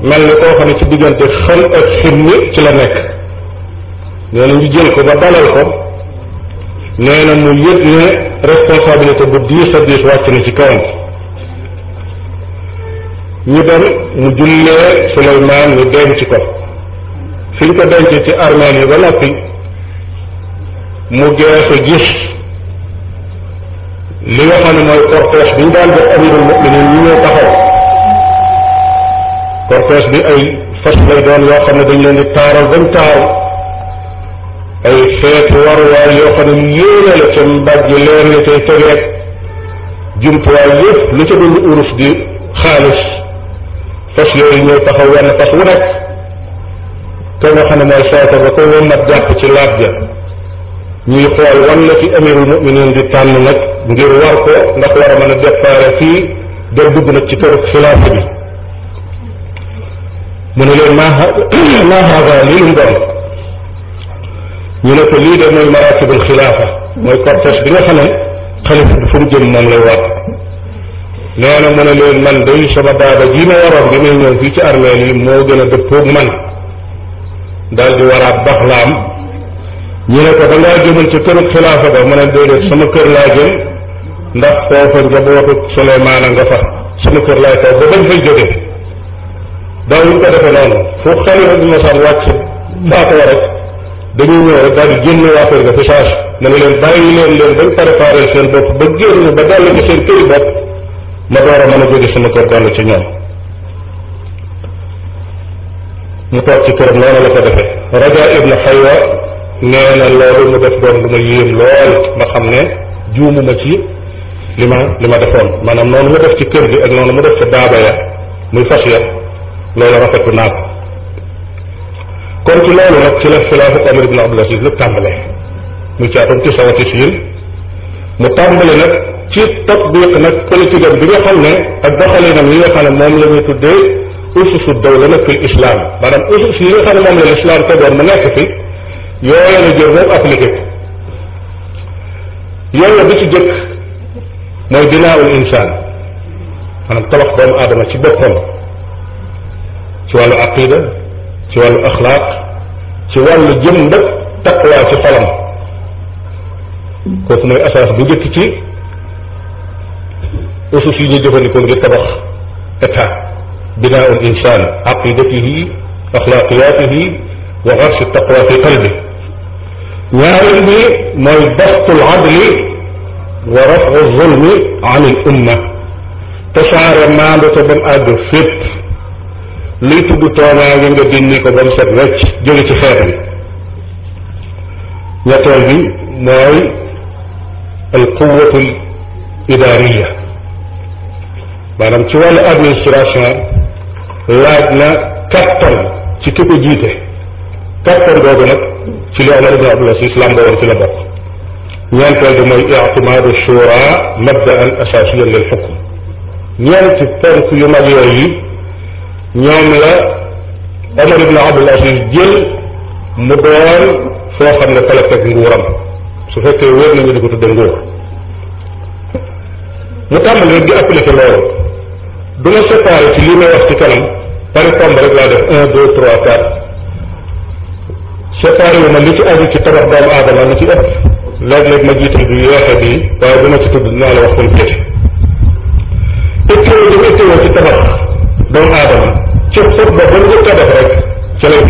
mel ni koo xam ne ci diggante xel ak xirni ci la nekk nee na ñu jël ko ba dalal ko nee na mu yëg ne responsabilité bu diis a diis wàcc na ci kawam ñu dem mu jullee Suleymaan ñu denc ko fi ñu ko denc ci armeel yi ba noppi mu geesu gis li nga mooy cortège bi ñu daan def amirul muminin ñu ñëw taxaw cortège bi ay fas lay doon yoo xam ne dañ leen di taaral bañ taaral ay feet waruwaay yoo xam ne yéene la ca mbaj yi leer la cay tegeeg jumtuwaay yëpp lu ca dund di xaalis fas yooyu ñëw taxaw wenn fas wu nekk te nga mooy sayta ba ko wëmmat jàpp ci laaj ja ñuy xool wan la ci amirul muminin di tànn nag ngir war ko ndax war a mën a déparé fii door dugg nag ci këru xilaafa bi mu ne leen maa maa haga lii lu mu ñu ne ko lii de mooy maratibul xilaafa mooy cortège bi nga xam ne xalifa bi fu jëm moom lay war nee na mu ne leen man de sama baaba ji ma waroon bi may ñëw fii ci armée yi moo gën a dëppoog man daal di waraat am ñu ne ko da ngaa jëmal ca këru xilaafa ba mu ne déedéet sama kër laa jëm ndax foofa njabootu Suleymaana nga fa sama kër laay taw ba bañ fay jóge daawuñ ko defe noonu fu xalifa bi masaan wàcc faatoo rek dañuy ñëw daal di waa kër ga fi saas ne na leen bàyyi leen leen bañ préparé seen bopp ba génn ba dellu ci seen këri bopp ma door a a jóge sama kër dellu ci ñoom mu toog ci këram noonu la ko defee Raja ibn Xaywa nee na loolu mu def doon lu ma yéem lool ma xam ne ma ci li ma li ma defoon maanaam noonu mu def ci kër gi ak noonu mu def ca daaba ya muy fas ya loolu rafetu naa ko kon ci loolu nag ci la xilaafu Omar ibn Abdul Aziz la tàmbale muy caatum ci sawati siin mu tàmbale nag ci tatbiq nag politique am bi nga xam ne ak doxalinam yi nga xam ne moom la ñuy tuddee ususu dawla nag fil islam maanaam usus yi nga xam ne moom la lislaam tegoon mu nekk fi yooyu la jël rek appliqué ko yooyu bi ci jëkk mooy binaawul insaan maanaam tabax doomu aadama ci boppam ci wàllu aqida ci wàllu axlaaq ci wàllu jëm nag taqwaa ci xolam kooku mooy asaas bu njëkk ci usus yi ñu jëfandikoo ngir tabax état binaawul insaan aqidatihi axlaaqiyaatihi wa garsi taqwa fi qalbi ñaareel bi mooy bastul adli wa rafu zulmi an il umma tasaare maandu te ba mu àgg fépp luy ko ba mu set wecc jóge ci xeet bi ñetteel bi mooy al quwatu idaariya ci wàllu administration laaj na kattan ci ki ko jiite ci li Omar ibn Abdul Aziz lamba woon ci la bokk ñeenteel bi mooy ictimaadu shura mabdaan asaasiyan lil xukm ñeenti ponk yu mag yooyu ñoom la Omar ibn Abdul Aziz jël mu doon foo xam ne fa la teg nguuram su fekkee wér nañu di ko tudde nguur mu tàmbali rek di appliqué loolu du ma séparé ci lii may wax ci kanam par exemple rek laa def un deux trois quatre séparé wu ma li ci aju ci tabax doomu aadama li ci ëpp léeg-léeg ma jiital bi yeexe ci tabax doomu aadama ci xutba ba ñu tabax rek ci lay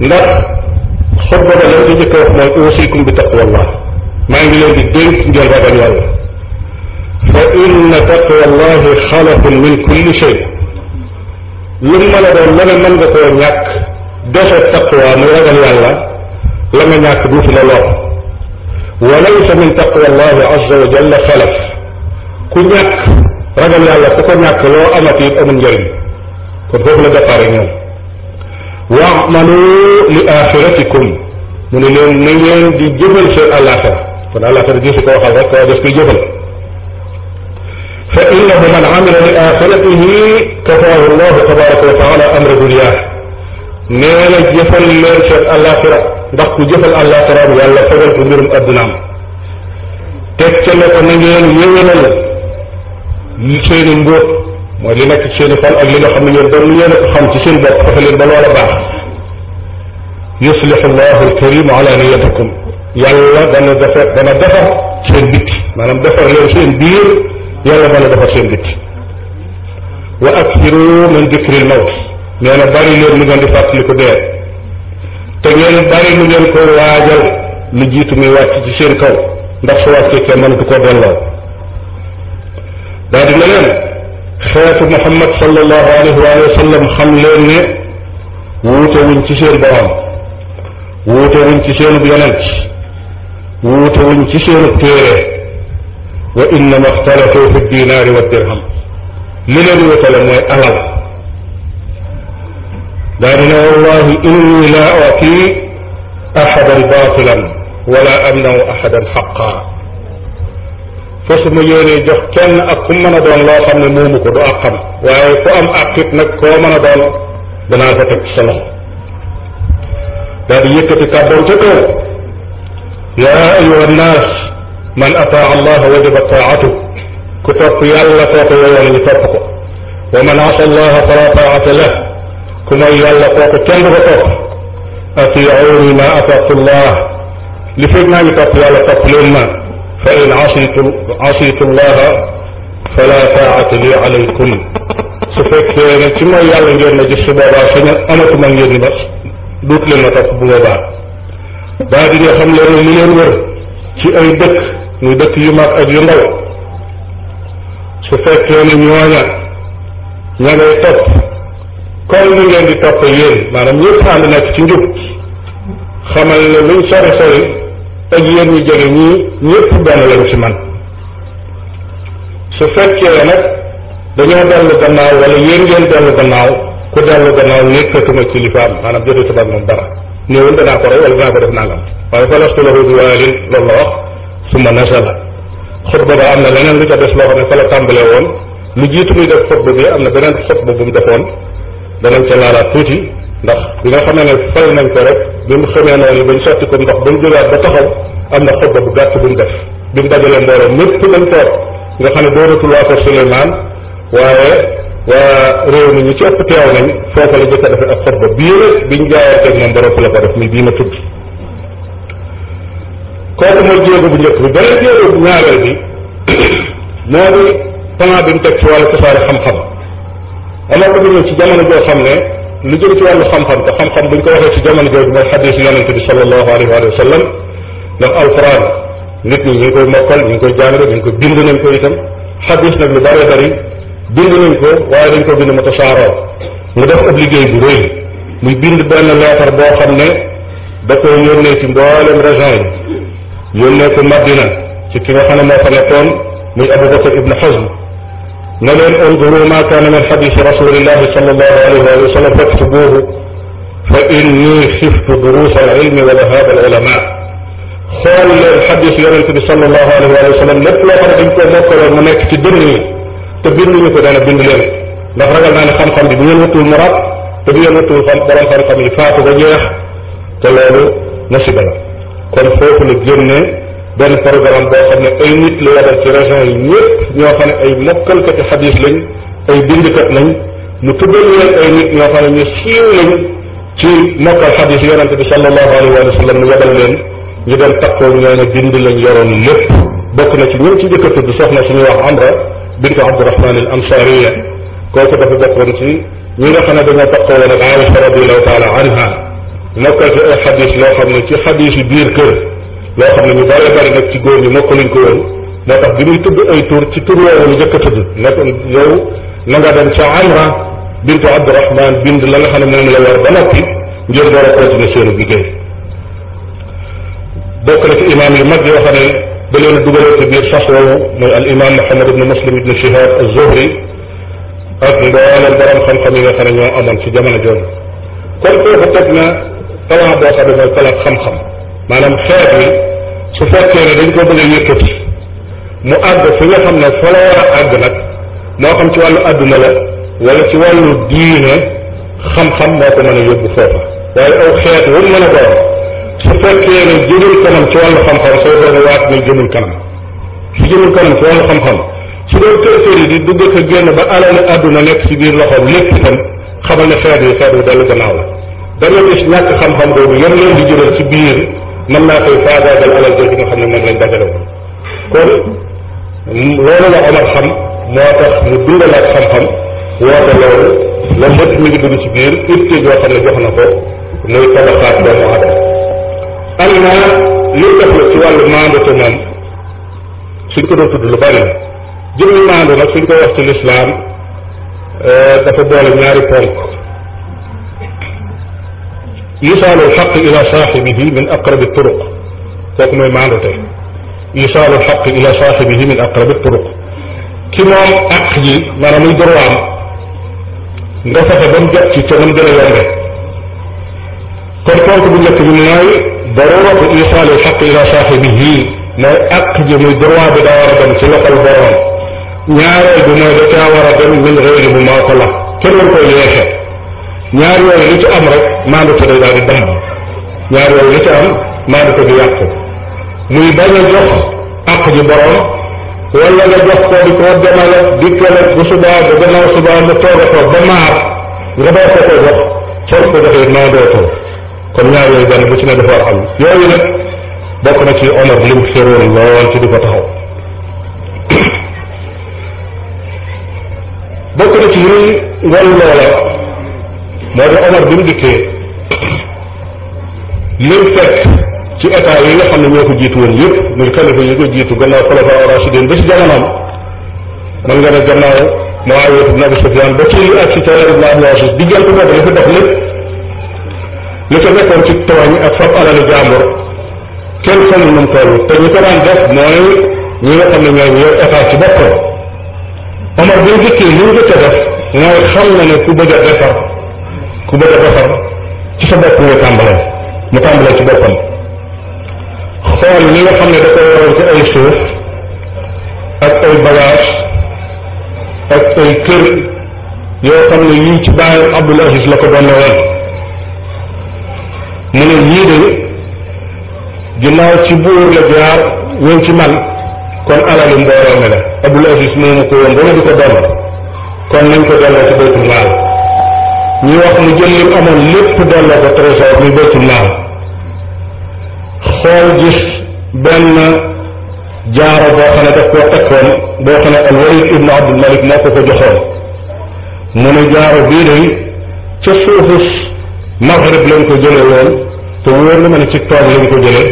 ndax xutba ba leen wax mooy uusikum bi taqwallah maa ngi leen di dénk ngeen ragal yàlla fa inna taqwallahi min kulli shay defet taqwa muy ragal yàlla la nga ñàkk duutu la lor wa laysa min taqwa allahi azza wa jalla xalaf ku ñàkk ragal yàlla ku ko ñàkk loo amati it amul njëriñ kon foofu la départ ak ñoom waamalu li axiratikum mu ne leen na ngeen di jëfal seen àllaaxira kon àllaaxira gisu ko waxal rek waaye daf koy jëfal fa innahu man amila li axiratihi kafaahu allahu tabaraka wa taala amra dunyaahu nee na jëfal leen seen àllaaxira ndax ku jëfal àllaaxiraam yàlla fegal ko mbirum addunaam teg ca ne ko na ngeen yëwénal li seeni mbóot mooy li nekk seeni xol ak li nga xam ne ñoom doon yéen a ko xam ci seen bopp fexe leen ba loola baax yuslix allahu alkarim ala niyatakum yàlla dana defar dana defar seen bitti maanaam defar leen seen biir yàlla dana defar seen bitti wa aksiru min dikri l mawt nee na bari leen lu ngeen di fàttaliku dee te ngeen bari lu ngeen koy waajal lu jiitu muy wàcc ci seen kaw ndax su wàccee kenn mënatu koo delloo daal dina leen xeetu Muhammad sallallahu alayhi wa sallam leen ne wuute wuñ ci seen borom wuute wuñ ci seenub yonent wuute wuñ ci seenub téere wa innama ixtalafu fi dinaari wa dirham li leen wutale mooy alal daa dina wallahi inni la ati ahadan batilan wala amnahu ahadan xaqaa fasuma yéenee jox kenn ak ku mën a doon loo xam ne moomu ko du àqam waaye ku am àqit nag koo mën a doon danaa ko teg sa loxo daa di yëkkati kàddoon ca kaw yaa ayuha nnaas man ataa allah wajaba taatuh ku topp yàlla kooku yoyoon ñu topp ko wa man asa allah fala taata lah ku mooy yàlla kooku kenn du ko topp atiuni ma li fekk naa ngi topp yàlla topp leen ma fa in asitu asitu llaha fala taata li alaykum su fekkee ne ci mooy yàlla ngeen ma gis su boobaa su ñu amatuma leen ma topp bu boobaa daa di nga leen wër ci ay dëkk muy dëkk yu mag ak yu ndaw su fekkee ne ñooña ña ngay topp comme ni ngeen di topp yéen maanaam ñëpp ànd nekk ci njub xamal ne luñ sori sori ak yéen ñu jege ñii ñëpp benn lañ ci man su fekkee nag dañoo dellu gannaaw wala yéen ngeen dellu gannaaw ku dellu gannaaw nekkatuma kilifaam maanaam jotee moom dara néewul danaa ko rey wala danaa ko def nangam waaye fa lastu lahu bi waalin loolu la wax suma nasala xutba ba am na leneen lu ca des loo xam ne fa tàmbalee woon lu jiitu muy def xutba bi am na beneen xutba bu mu defoon danañ ca laalaat tuuti ndax bi nga xamee ne fay nañ ko rek bi mu xamee noonu bañ sotti ko ndox ba mu jógaat ba taxaw am na xutba bu gàtt bu mu def bi mu dajalee mbooloo mépp dañ toog nga xam ne doonatul waa kër Suleymaan waaye waa mi ñu ci nañ foofu la jëkk a defee ak xutba bii biñ jaayanteeg moom ba la ko def mi bii ma tudd kooku mooy jéego bu njëkk bi beneen jéego bu ñaareel bi moo di bi mu teg ci wàllu tasaare xam-xam amoon na tamit ci jamono joo xam ne lu jëm ci wàllu xam-xam te xam-xam bu ñu ko waxee ci jamono jooju mooy xadisu yonente bi sallallahu alayhi wa sallam ndax alquran nit ñi ñu ngi koy mokkal ñu ngi koy jàngale ñu ngi ko bind nañ ko itam xadis nag lu bëree bëri bind nañ ko waaye dañ ko bind mu tasaaroo mu def ab liggéey bu rëy muy bind benn leetar boo xam ne da koy yónnee ci mboolem région yi yónnee ko Madina ci ki nga xam ne moo fa nekkoon muy Abubakar ibn Hazm ne leen unduru ma kaana min xadisi rasulillahi sallallahu alayhi wa sallam faktubuuhu fa inni xiftu durus al ilmi wa dhahab al ulama xool leen xadis yonente bi sallallahu alayhi wa sallam lépp loo xam ne dañ koo mokkaloon mu nekk ci dënn yi te binduñu ko dana bind leen ndax ragal naa ne xam-xam bi bu ngeen wutul mu rab te bu ngeen wutul xam borom xam-xam yi faatu ba jeex te loolu nasiba la kon foofu la génnee benn programme boo xam ne ay nit la yabal ci région yi ñëpp ñoo xam ne ay mokkalkati xadis lañ ay bindkat lañ mu tuddal leen ay nit ñoo xam ne ñu siiw lañ ci mokkal xadis yonente bi sallallahu alayhi wa sallam mu yabal leen ñu dem takkoo ñooñu bind lañ yoroon lépp bokk na ci ñun ci njëkk a tudd soxna suñuy wax Amra bintu Abdurahman al koo kooku dafa bokkoon ci ñi nga ne dañoo takkoo woon ak Aïcha radiallahu taala anha mokkal ci ay xadis loo xam ne ci xadis yi biir kër loo xam ne ñu bare bari nag ci góor ñi mokk luñ ko woon bi muy tudd ay tur ci tur woowu lu njëkk a tudd nekk yow na nga dem ca bintu Abdurahman bind la nga xam ne moom la war ba noppi ngir door a continuer seenu liggéey bokk na ci imaam yu mag yoo xam a dugalal ci biir sax Muslim ibnu Shihab az-Zuhri ak nga xam ne ñoo amoon ci jamono jooju kon kooku teg na talent boo xam ne mooy talent xam-xam maanaam xeet wi su fekkee ne dañ ko bëgg a yëkkati mu àgg fi nga xam ne fa la war moo xam ci wàllu àdduna la wala ci wàllu diine xam-xam moo ko mën a yóbbu foofa waaye aw xeet wu mën a doon su fekkee ne jëmul kanam ci xam-xam soo doon waat ne jëmul kanam su jëmul xam-xam su doon kër di dugg ko génn ba alalu àdduna nekk ci biir loxoom lépp itam xamal ne xeet yi dellu gannaaw la dana gis ñàkk xam-xam boobu yem leen di jëral ci biir mën naa koy faagaagal alal jooju nga xam ne moom lañ dajale kon loolu la Omar xam moo tax mu dundalaat xam-xam woote loolu loolu lépp mi ci biir itte yoo suñ ko doon tudd lu bari la jëmmi maandu nag suñ ko wax ci lislaam euh, dafa boole ñaari ponk isaalu alxaq ila saaxibihi min aqrabi turuq kooku mooy maandute isaalu alxaq ila saaxibihi min aqrabi turuq ki moom àq ji maanaam muy droit am nga fexe ba mu jot ci ca nam gën a yombe kon ponk bu njëkk bi mooy daruratu isaalu alxaq ila saaxibihi mooy àq ji muy droit bi daa war a dem ci loxol borom ñaareel bi mooy da caa war a dem min xëyri bu maa ko la kenn war koo yeexe ñaar yooyu li ci am rek maandu ko daal di damm ñaar yooyu li ci am maandu ko yàqu muy bañ a jox àq ji borom wala nga jox ko di ko demale dikkale bu subaa ba gannaaw subaa nga toog a toog ba maar nga door ko koy jox soo ko joxee maandootoo kon ñaar yooyu benn ci ne dafa bokk na ci Omar li mu xéroon lool ci moo tax Omar bi mu dikkee lim fekk ci état yi nga xam ne ñoo ko jiitu woon yëpp muy xalifa yi ko jiitu gannaaw xulafa rashidin ba ci jamonoom mën nga ne gannaaw Muawiya ibn Abi Sufyan ba ci ak si Tayyar ibn Abdul Aziz diggante boobu la fi dox lépp li ko nekkoon ci tooñ ak fab alali jàmbur kenn xamul nu mu toll te ñu ko daan def mooy ñi nga xam ne ñooy yor état ci boppam Omar a def mooy xam na ne ku bëgg a defar ku bëgg a defar ci sa bopp nga tàmbalee mu tàmbalee ci boppam xool li nga xam ne da ko waral ci ay suuf ak ay bagage ak ay kër yoo xam ne yii ci bàyyam Abdul Aziz la ko doon woon mu ne ñii de ginnaaw ci buur la jaar woon ci man kon alali mbooloo mi la Abdul Aziz moomu ko woon ko doon kon nañ ko delloo ci baytul maal ñu wax mu jël lim amoon lépp delloo ko trésor muy bëytul maal xool gis benn jaaro boo xam daf koo takkoon boo xam ne alwalid ibnu malik moo ko ko joxoon mu ne jaaro bii day ca suufus maghrib lañ ko jële woon te wóor na ma ne ci toog lañ ko jële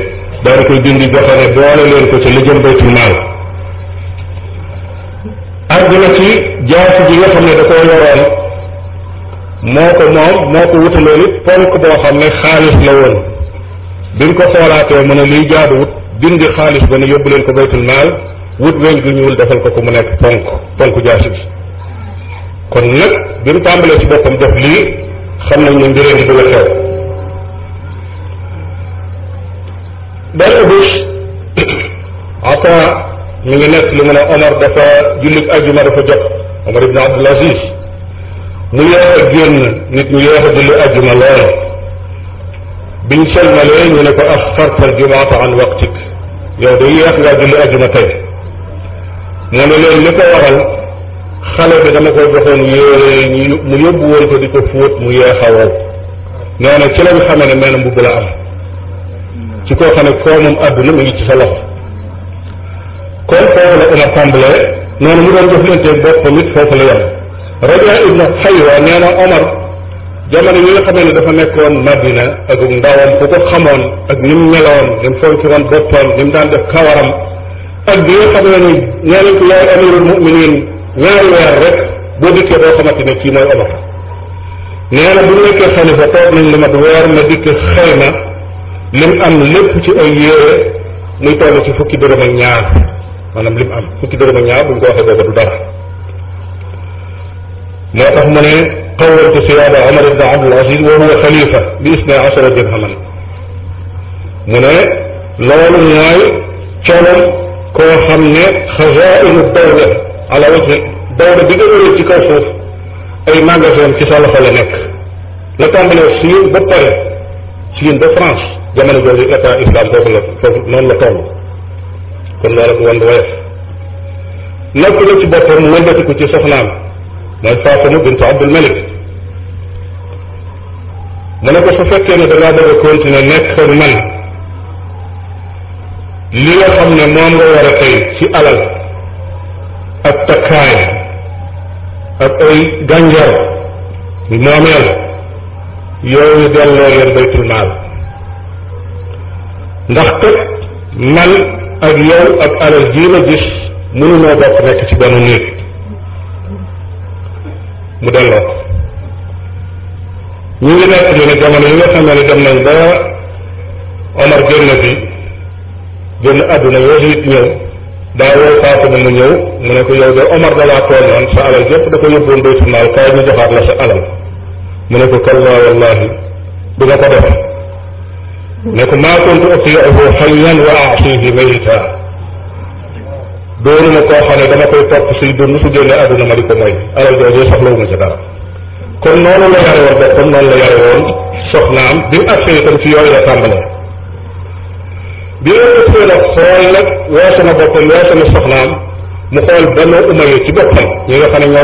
daal koy dindi joxe ne boole leen ko ci li jëm baytul maal àgg na ci jaasi ji nga ne da koo yoroon moo ko moom moo ko wutaloon it ponk boo xam ne xaalis la woon biñ ko xoolaatee mu ne liy jaaduwut dindi xaalis ba ne yóbbu leen ko baytul maal wut weñ gu ñuul defal ko ko mu nekk ponk ponk jaasi bi kon nag bi mu tàmbalee ci boppam def lii xam nañ ne mbiree ni bëgg a xew benn bés ata mi nekk li mu ne Omar dafa jullit ajjuma dafa jot Omar ibn Abdul Aziz mu yéex a génn nit ñu yéex a julli ajjuma lool biñ sëlmalee ñu ne ko axartal jumaata an waqtik yow day yéex ngaa julli ajjuma tey mu ne leen li ko waral xale bi dama ko joxoon yéere ñu yóbbu woon ko di ko fóot mu yéex a wow nee na ci lañ xamee ne mbubb la am ci koo xam ne koomum àdduna mu ngi ci sa loxo kon foofu la Umar tàmbalee noonu mu doon jëflanteeg boppam it foofu la yem Rabia ibn Haywa nee na Omar jamono yi nga xamee ne dafa nekkoon Madina ak ndawam ku ko xamoon ak ni mu meloon ni mu boppam ni daan def kawaram ak bi nga xam ne ni nee nañ ne kii mooy na bu ñu nekkee xalifa weer na dikk xëy na lim am lépp ci ay yére muy toll ci fukki dërëm ak ñaar maanaam lim am fukki dërëm ak ñaar bu ñu ko waxee du dara loo tax mu ne qawwaltu siyaada Omar ibn Abdul Aziz wa huwa xalifa bi isna asara dirhaman mu ne loolu mooy colom koo xam ne xazainu dawla ala wajhi dawla bi gën a rëy ci kaw suuf ay magasin ci sa loxo la nekk pare Chine ba France jamono jooju état islam foofu la ku noonu la toll kon loolu ko wan woyof nekk la ci boppam wëlbatiku ci soxnaam mooy Fatima nekk man li nga xam ne moom nga war a tey ci alal ak ay gànjar moomeel yooyu delloo leen baytul maal man ak yow ak alal jii ma gis mënunoo bokk nekk ci benn néeg mu delloo ko ñu ngi nekk ni ne jamono yi nga xam ne dem nañ ba Omar génn fi àdduna Yaziid ñëw daa woo Fatima mu ñëw mu ne ko yow de Omar da sa alal yëpp da ko yóbbuwoon baytul maal kaay ñu joxaat la sa alal mu ne ko kallaa wallaahi du ma ko def ne ko maa kuntu utii'uhu hayyan wa a'siihi mayitan doonu na koo xam ne dama koy topp suy dund su génnee àdduna ma di ko mooy alal jooju soxlawuma ci dara kon noonu la yare woon boppam noonu la yare woon soxnaam bi nga xam ne ñoo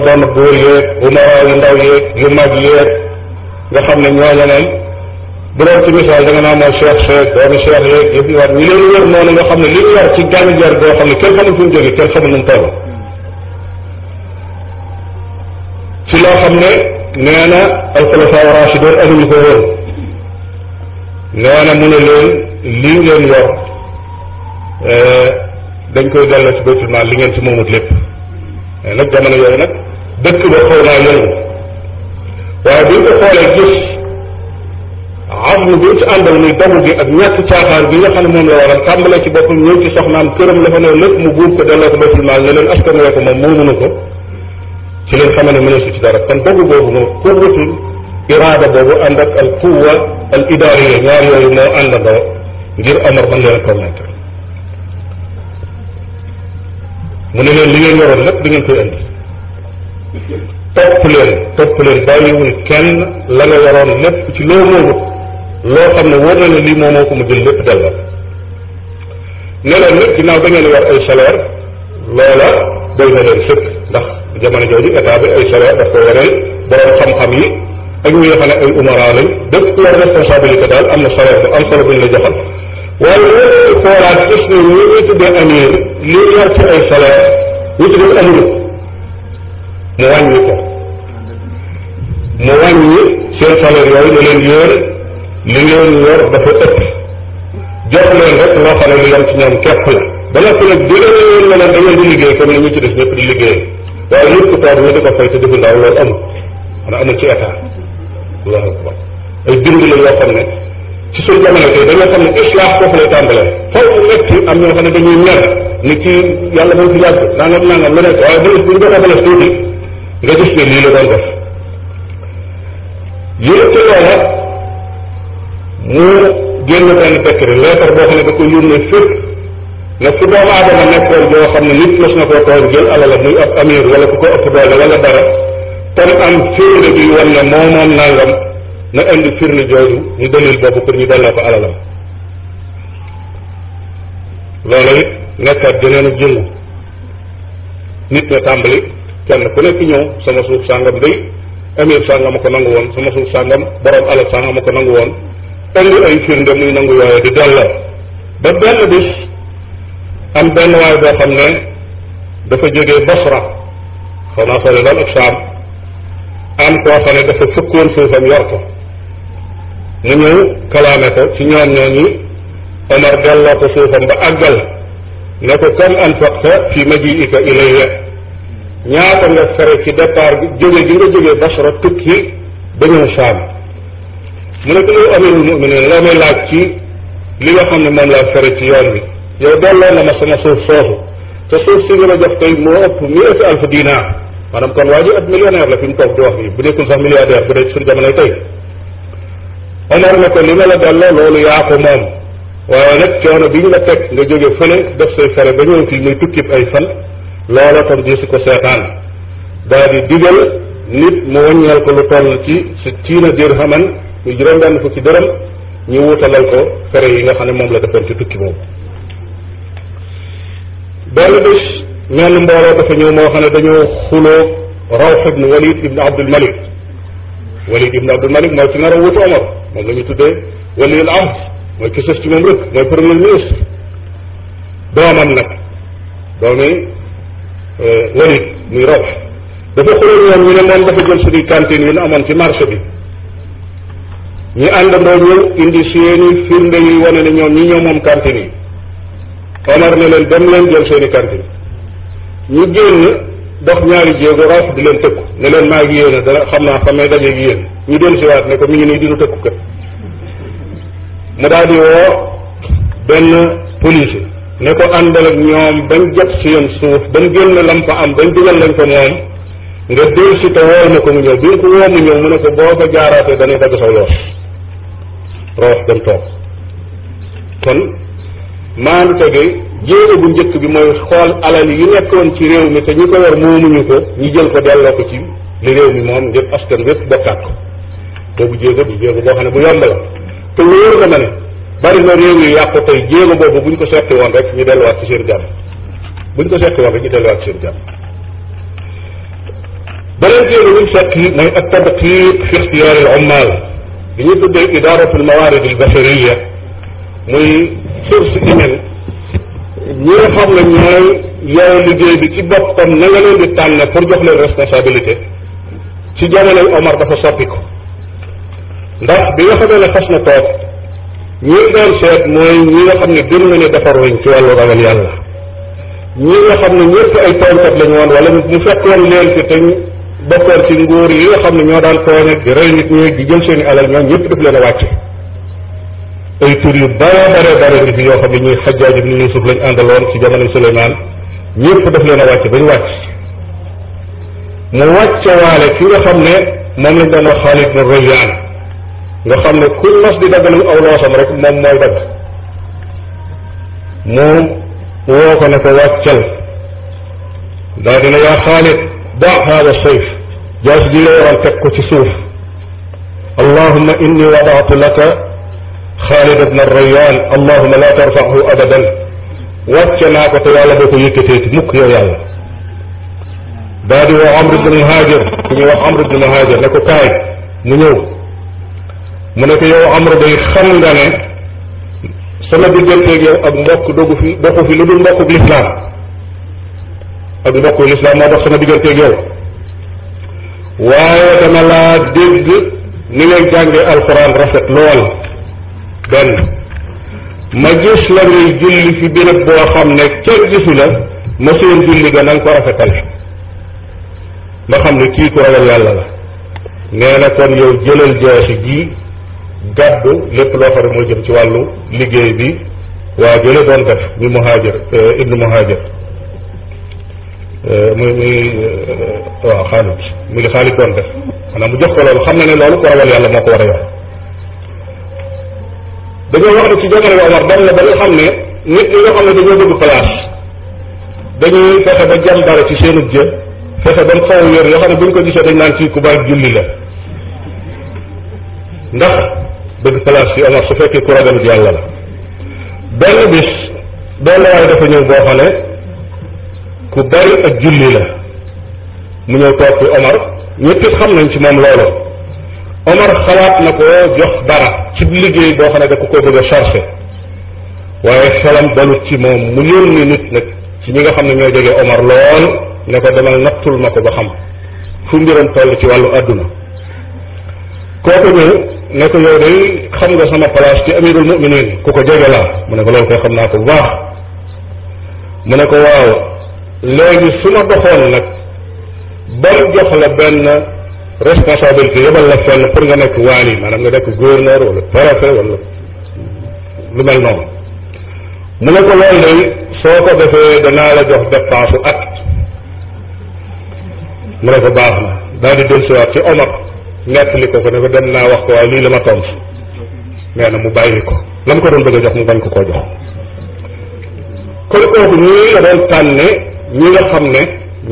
doon buur yeeg umara yu ndaw yeeg yu mag yeeg nga xam ne ñoo ñeneen bu doon ci misaal da nga naan mooy cheikh cheikh doomi cheikh yeeg yëpp yi waat ñi leen wër noonu nga xam ne li ñu war ci gànjar boo xam ne kenn xamul fu mu jógee kenn mu toll ci loo xam ne nee na alxulafaa wa rachidoon amuñu na mu ne leen lii ngeen yor eh, dañ koy delloo ci baytul maal li ngeen ci moom lépp mais eh, nag jamono yooyu nag dëkk ba xaw naa yëngu waaye buñ ko xoolee gis amul bi ci àndal muy dogu gi ak ñàkk caaxaan bi nga xam ne ci boppam ñëw ci soxnaam mu buub ko delloo ko baytul maal ne leen askan wee ko moom moomunu ko ci leen xamal ne mëneesu ci dara kon dogu boobu moom quwwatul iraada boobu ànd ak al quwwa al idaariya ñaar yooyu moo àndandoo ngir Omar mën leen a convaincre mu ne leen li ngeen yoroon lépp da ngeen koy indi topp leen topp kenn la nga yoroon lépp ci loo loo xam ne wóor na ne lii moom moo ko mu jël lépp dal la ne leen nag ginnaaw da ngeen ay salaire loola doy na leen sëkk ndax jamono jooju état bi ay salaire daf ko yeneen borom xam-xam yi ak ñi nga xam ne ay umara lañ dëpp leur responsabilité daal am na salaire bu ñuy tuddee amul mu wàññi mu wàññi seen salaire yooyu ne leen yéen li leen yor dafa ëpp jox leen rek loo xam ne lu yem ci ñoom képp la ba nga fi nag jëlee leen ne leen da ngeen di liggéey comme ni ñu ci def ñëpp di liggéey waaye nit ku toog ñu di ko fay te defu ndaw loolu amul xanaa amul ci état allahu akbar ay bind la yoo xam ne ci suñ jamono tey dañoo xam ne islam foofu lay tàmbalee foofu nekk am ñoo xam ne dañuy mer ni ci yàlla mooy fi yàgg nangam nangam lu nekk waaye bu ñu doxee bële tuuti nga gis ne lii la doon def yéen ci loola mu génn benn décret lettre boo xam ne da ko yónnee fépp ne fu doomu aadama nekkoon joo xam ne nit mos na koo tooñ jël alala muy ab amir wala ku ko ëpp doole wala dara tam am firnde bi wan ne moo moom jooju ñu dalil boobu pour ñu delloo ko alalam loolu it nekkaat gëneen ak jëngu nit ña tàmbali kenn ku nekk ñëw sama suuf sàngam day amir sàngama ko nangu woon sama suuf sàngam borom alal sàngama ko nangu woon indi ay firnde muy nangu yooye di delloo ba benn bis am benn waay boo xam ne dafa jógee Basra xaw naa sori lool ak Saam am koo xam ne dafa fukkoon suufam yor ko mu ñëw kalaame ko ci ñoom ñooñu Omar delloo ko suufam ba àggal ne ko kam anfaqta fi majiika ilayya ñaata nga fere ci départ jóge gi nga jógee Basra tukki ba ñëw Saam mu ne ko yow amirul laaj ci li nga xam ne moom laa fere ci yoon bi yow delloo na ma sama suuf soosu te suuf si nga ma jox tey moo ëpp miati alf dinaar maanaam kon waa ji ab millionnaire la fi mu toog di wax nii bu nekkul sax milliardaire bu dee ci suñu jamonoy tey Omar ne ko li ma la delloo loolu yaa ko moom waaye nag coono bi ñu la teg nga jóge fële def say fere ba ñëw fii muy tukkib ay fan loola tam di si ko seetaan daal di digal nit mu wàññeel ko lu ci si tiina dirhaman muy juróom-benn fukki dërëm ñu wutalal ko fere yi nga xam ne moom la defoon ci tukki boobu benn bés menn mbooloo dafa ñëw moo xam ne dañoo xuloo Rawh ibn Walid ibn Abdul Malik Walid ibn Abdul Malik mooy ki nar a wutu Omar moom la ñu tuddee waliyul amr mooy ki sës ci moom rek mooy premier ministre doomam nag doomi euh, Walid muy Rawh dafa xuloo ñoom ne moom dafa jël suñuy cantine yi ñu amoon ci marché bi ñu àndandoo ñëw indi seeni firnde yuy wane ne ñoom ñi ñoo moom cantine yi Omar ne leen dem leen jël seeni cantine ñu génn dox ñaari jéego di leen tëkku ne leen maa ngi yéene dana xam naa fa may dajeeg yéen ñu dellu si waat ne ko mi ngi nii dinu tëkku kat mu daal di woo benn police ne ko àndal ak ñoom bañ jot seen suuf bañ génn lam am bañ dugal lañ ko moom nga dellu si te woo na ko mu ñëw bi nga ko woo ñëw mu ne ko boo ko jaaraatee dana dagg sa roox dem toog kon maandu tege jéego bu njëkk bi mooy xool alal yi nekkoon ci réew mi te ñi ko yor moomuñu ko ñu jël ko delloo ko ci li réew mi moom ngir askan wépp bokkaat ko boobu jéego bi jéego boo xam ne bu yomb la te ma ne bari na réew yi yàqu jéego boobu bu ñu ko setti woon rek ñu delluwaat ci seen jàmm buñ ko setti woon rek ñu delluwaat ci seen jàmm beneen jéego bu ñu mooy ak tabaqir fi ixtiyaar al bi ñu tuddee idaaratul mawaarid al bashariya muy source humaine ñi nga xam ne ñooy yow liggéey bi ci boppam na nga leen di tànn pour jox leen responsabilité ci jamonoy Omar dafa soppi ko ndax bi nga xamee ne xas na toog ñi doon nga xam ne gën na ne defar nañ ci wàllu ragal yàlla fekkoon leen fi te bokkoon ci nguur yi nga xam ne ñoo daan tooñ ak di rey nit ñi di jël seeni alal ñoom ñëpp daf leen a wàcce ay tur yu bare bare bare ngi fi yoo xam ne ñuy xajaaj ibnu yusuf lañ àndaloon ci jamono Suleymaan ñëpp daf leen a wàcce ba ñu wàcc mu wàcce waale ki nga xam ne moom lañ doon wax Xaalid ibnu nga xam ne ku mas di daggalu aw loosam rek moom mooy dagg mu woo ko ne ko wàccal daa dina yaa Xaalid da haada sayf jaasi ji la yoroon ci suuf allahuma inni wadaatu laka xaalid ibn rayan allahuma la tarfahu abadan wàcce naa ko te yàlla boo mukk yow yàlla daa amr ibn muhajir ku ñuy amr ibn muhajir ne ko kaay mu ñëw mu ne ko yow amr day xam nga ne sama digganteeg yow ak mbokk dogu fi doxu fi lu dul mbokku lislaam ak mbokku lislaam moo dox sama digganteeg yow waaye dama laa dégg ni ngay jàngee alxuraan rafet lool benn ma gis la ngay julli fi béréb boo xam ne kenn gisu la ma seen julli ga na ko rafetal ma xam ne kii ko ragal yàlla la nee na kon yow jëlal jeexi ji gàddu lépp loo xam moo jëm ci wàllu liggéey bi waa jële doon def ñu muhaajir euh, ibnu muhaajir Euh, muy muy euh, waaw xaalis muy li xaalis doon def a mu jox ko loolu xam na ne loolu ko rawal yàlla moo dañoo wax ne ci jamono ne nit ñi nga xam ne dañoo bëgg place dañuy fexe ba jam dara ci seenub jë fexe ba mu xaw a yoo xam ne bu ñu ko gisee dañ naan ci ku bari julli la ndax bëgg place yi Omar su fekkee ku ragalut yàlla la benn bis benn waaye dafa ñëw boo xam ku bari ak julli la mu ñëw toog Omar ñëpp it xam nañ ci moom loolu Omar xalaat na ko jox dara ci liggéey boo xam ne da ko ko bëgg a waaye xelam dalut ci moom mu yónni nit nag ci ñi nga xam ne ñoo jege Omar lool ne ko demal nattul ma ko ba xam fu mbiram toll ci wàllu àdduna kooku ñëw ne ko yow day xam nga sama place ci amirul muminin ku ko jege laa mu ne ko loolu koy xam naa ko bu baax mu ne ko waaw léegi su ma doxoon nag ba jox la benn responsabilité yebal la fenn pour nga nekk waali maanaam nga nekk gouverneur wala préfet wala lu mel noonu mu ne ko loolu day soo ko defee danaa la jox dépense at mu ne ko baax na daal di dellusiwaat ci Omar nekk li ko ko ne ko dem naa wax ko waaye lii la ma tontu nee na mu bàyyi ko la mu ko doon bëgg jox mu bañ ko koo jox kon kooku ñii la doon tànne ñi nga xam ne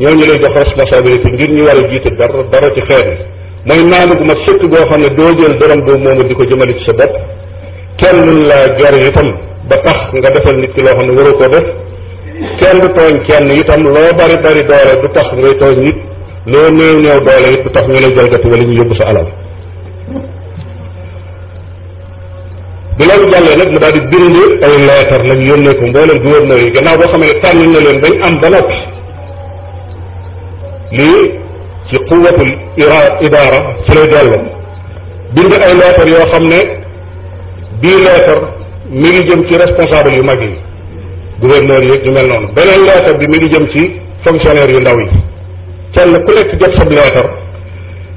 ñooñu lay jox responsabilité ngir ñu war a jiite dara dara ci xeet bi mooy maandu gu ma goo xam ne doo jël dërëm boobu moomu di ko jëmale ci sa bopp kenn laa jariñ itam ba tax nga defal nit ki loo xam ne waroo koo def kenn du tooñ kenn yi tam loo bari bari doole du tax ngay tooñ nit loo néew néew doole it du tax ñu lay jalgati wala ñu yóbbu sa alal bi loolu jàllee nag mu daal di bind ay leetar nag yónnee ko mboolem gouverneur yi gannaaw boo xam ne tànn na leen bañ am ba noppi lii yoo xam ne bii leetar mi ngi jëm ci responsable yu mag yi gouverneur yi ñu mel noonu beneen leetar bi mi ngi jëm ci fonctionnaire yu ndaw yi kenn ku nekk jot sab leetar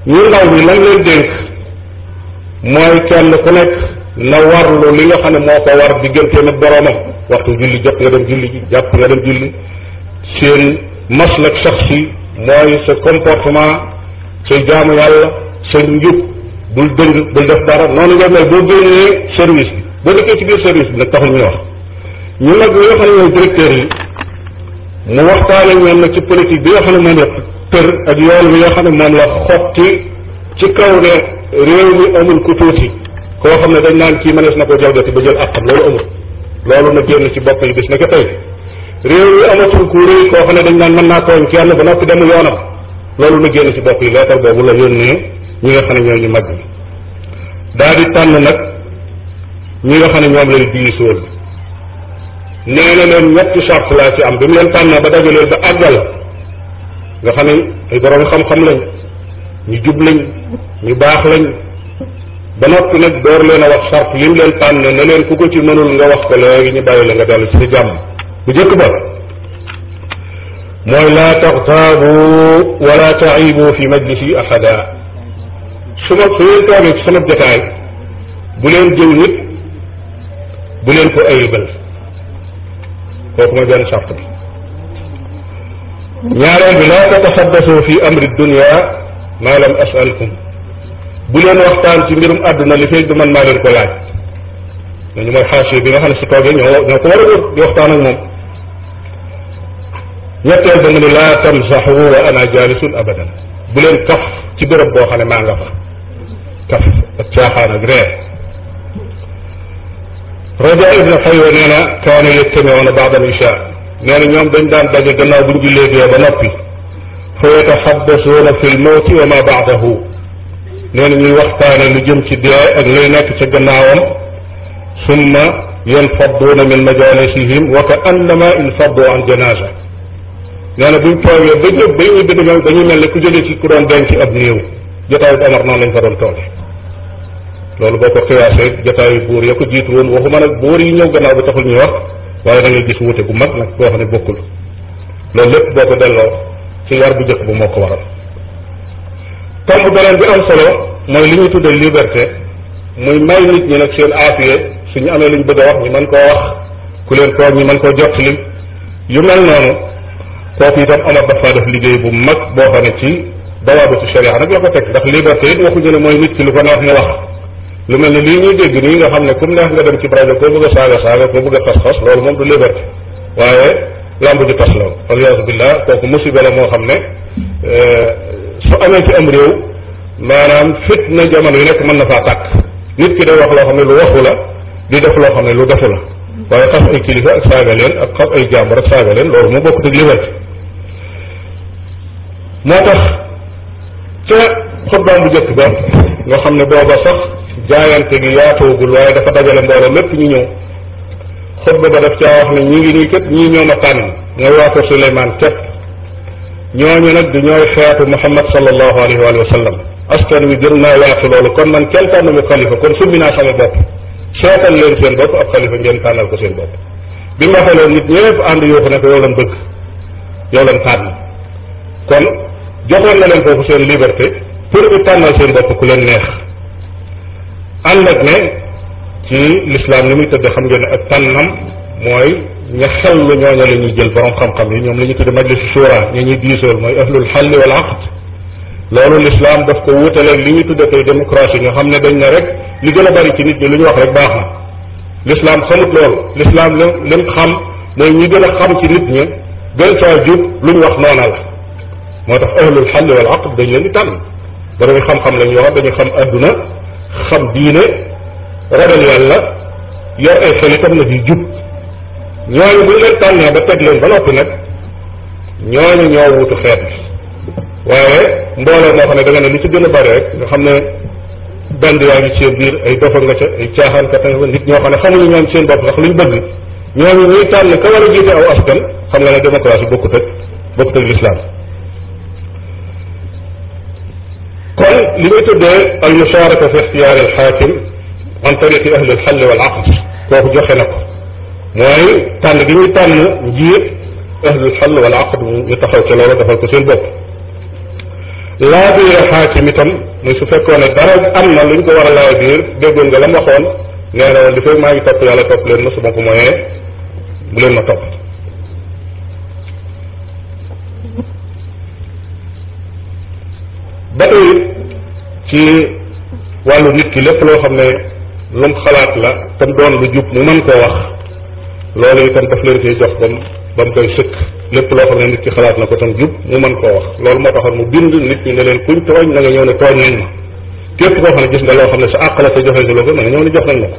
ñu ndaw ñi lan leen dénk mooy kenn ku nekk na warlu li nga xam ne moo ko war digganteem ak boroomam waxtu julli jot nga dem julli ji jàpp nga dem julli seen maslak saxsi mooy sa comportement say jaamu yàlla sa njub bul dëng bul def dara noonu nga mel boo génnee service bi boo dëkkee ci biir service bi nag taxul ñuy wax ñu nag ñi xam ne yi mu waxtaane ñoom nag ci politique bi xam ne moom la ak yoon bi nga xam ne moom la xotti ci kaw ne réew mi amul ku tuuti koo xam ne dañ naan kii mënees na ko jalgati ba jël àqam loolu amul loolu na génn ci bopp yi bis na ko tey réew yi amatul ku réy koo xam ne dañ naan mën naa tooñ kenn ba noppi dem yoonam loolu na génn ci bopp yi leetal boobu la yónnee ñi nga xam ne ñoo ñu mag daal di tànn nag ñi nga xam ne ñoom lay diisool nee na leen ñetti charte laa ci am bi mu leen tànnee ba dajaleel ba àggal nga xam ne ay borom xam-xam lañ ñu jub lañ ñu baax lañ ba noppi nag door a wax charte lim leen tànn ne leen ku ko ci mënul nga wax ko léegi ñu bàyyi la nga dellu ci sa bu jëkk ba mooy laa taxtaabu wala taibu fi majlisi ahada su ma su ngeen toogee ci sama bu leen jëw bu leen ko ayibal kooku mooy benn charte bi ñaareel bi laa tatasabbasu fi amri dunia maa lam asalkum bu leen waxtaan ci mbirum àdduna li fekk du man maa leen ko laaj dañu mooy xaasiya bi nga xam ne su toogee ñoo ñoo ko war a wër di waxtaan ak moom ñetteel ba mu ne laa tamsaxu wa ana jaalisun abadan bu leen kaf ci béréb boo xam ne maa nga fa kaf ak caaxaan ak reer raja ibne xaywa nee na kaanu yejtamewoona baada al isha nee na ñoom dañ daan daje gannaaw buñ jullee ba noppi fa yetaxaddasuuna fi l mawti wa ma baadahu nee na ñuy waxtaane lu jëm ci dee ak luy nekk ca gannaawam summa yanfadduuna min majalisihim wa ka annama infaddu an janaasa nee na buñ toogee ba ñëpp bay ñibbi di mel dañuy mel ne ku jógee ci ku doon denc ab néew jotaayu bu Omar noonu lañ fa doon loolu boo ko xiyaasee jotaayu buur ya ko jiitu woon waxuma nag buur yi ñëw gannaaw bi taxul ñuy wax waaye da ngay gis wuute bu mag nag boo xam ne bokkul loolu lépp boo ko delloo ci yar bu jëkk bu moo ko waral tomb beneen bi am solo mooy li ñuy tuddee liberté muy may nit ñi nag seen aafiye suñu amee luñ bëgg a wax ñu mën koo wax ku leen koo ñi mën koo jottali yu mel noonu kooku itam Omar dafa def liggéey bu mag boo xam ne ci dawaabatu sharia nag la ko teg ndax liberté it waxuñu ne mooy nit ki lu ko neex mu wax lu mel ne lii ñuy dégg nii nga xam ne kum neex nga dem ci rajo koo bëgg a saaga saaga koo bëgg a xas-xas loolu moom du liberté waaye lamb ju tas loolu waliyasu billah kooku moo xam ne euh, su amee ci am réew maanaam na jamono yi nekk mën na faa tàkk nit ki day wax loo xam ne lu waxu la di def loo xam ne lu defu la waaye xas ay kilifa ak saaga leen ak xas ay jàmbur ak saaga leen loolu mu bokkut ak liwet moo tax ca xutbaam bu njëkk ba nga xam ne booba sax jaayante gi yaatoogul waaye dafa dajale mbooloo lépp ñu ñëw xutba ba daf caa wax ne ñi ngi nii képp ñii ñoo ma tànn mooy waa ko Suleymaan képp ñooñu nag du ñooy xeetu muhammad sallallahu alayhi wa sallam askan wi gën naa yaatu loolu kon man kenn tànnuma xalifa kon summi naa sama bopp seetal leen seen bopp ab xalifa ngeen tànnal ko seen bopp bi mu waxee loolu nit yoo ne ko yow lan bëgg yow lan tànn kon joxoon na leen foofu seen liberté pour ñu tànnal seen bopp ku leen neex ànd ak ne ci lislaam ni muy tëdd xam ngeen ne ak tànnam mooy nga xel lu ñoo la ñuy jël borom xam-xam yi ñoom la ñu tudde majlis shura ñi ñuy diisool mooy ahlul xall wal aqd loolu l'islam daf ko wutaleeg li ñu tudde tey démocratie nga xam ne dañ ne li gën a bari ci nit ñi lu ñu wax rek baax na l'islam xamut loolu l'islam lim lim xam mooy ñi gën a xam ci nit ñi gën caa jub lu ñu wax noona la moo tax ahlul xall wal aqd dañ leen di tànn borom xam-xam la ñu wax dañu xam adduna xam diine ragal yàlla yor ay xel itam na di jub ñooñu bu leen tànnee ba teg leen ba noppi nag ñooñu ñoo wutu xeet waaye mbooloo moo xam ne da ne li ci gën a bari rek nga xam ne band yaa ngi ci biir ay dofa nga ca ay caaxaan ka tanga nit ñoo xam ne xamuñu ñoom seen bopp sax luñ bëgg ñooñu ñuy tànn ka war jiite aw askan xam nga ne démocratie bokkut ak bokkut ak lislaam kon li ngay tuddee al musharaka fi ixtiyaar al xaakim an tariqi ahli al xall wal aqd kooku joxe na ko mooy tànn gi ñuy tànn njiit ahlul xal wala aqd ñu taxaw ci loolu defal ko seen bopp laa biir xaakim itam muy su fekkoon ne dara am na lu ñu ko war a laay biir déggoon nga la ma waxoon nee na woon fekk maa ngi topp yàlla topp leen ma su ma ko moyee bu leen ma topp ba tey ci wàllu nit ki lépp loo xam ne lu xalaat la tam doon lu jub mu mën koo wax loolu itam daf leen koy jox bam ba mu koy sëkk lépp loo xam ne nit ki xalaat na ko tam jub mu mën koo wax loolu moo taxoon mu bind nit ñi ne leen kuñ tooñ na nga ñëw ne tooñ nañ ma képp koo xam ne gis nga sa ko na nga ñëw ne jox nañ ma ko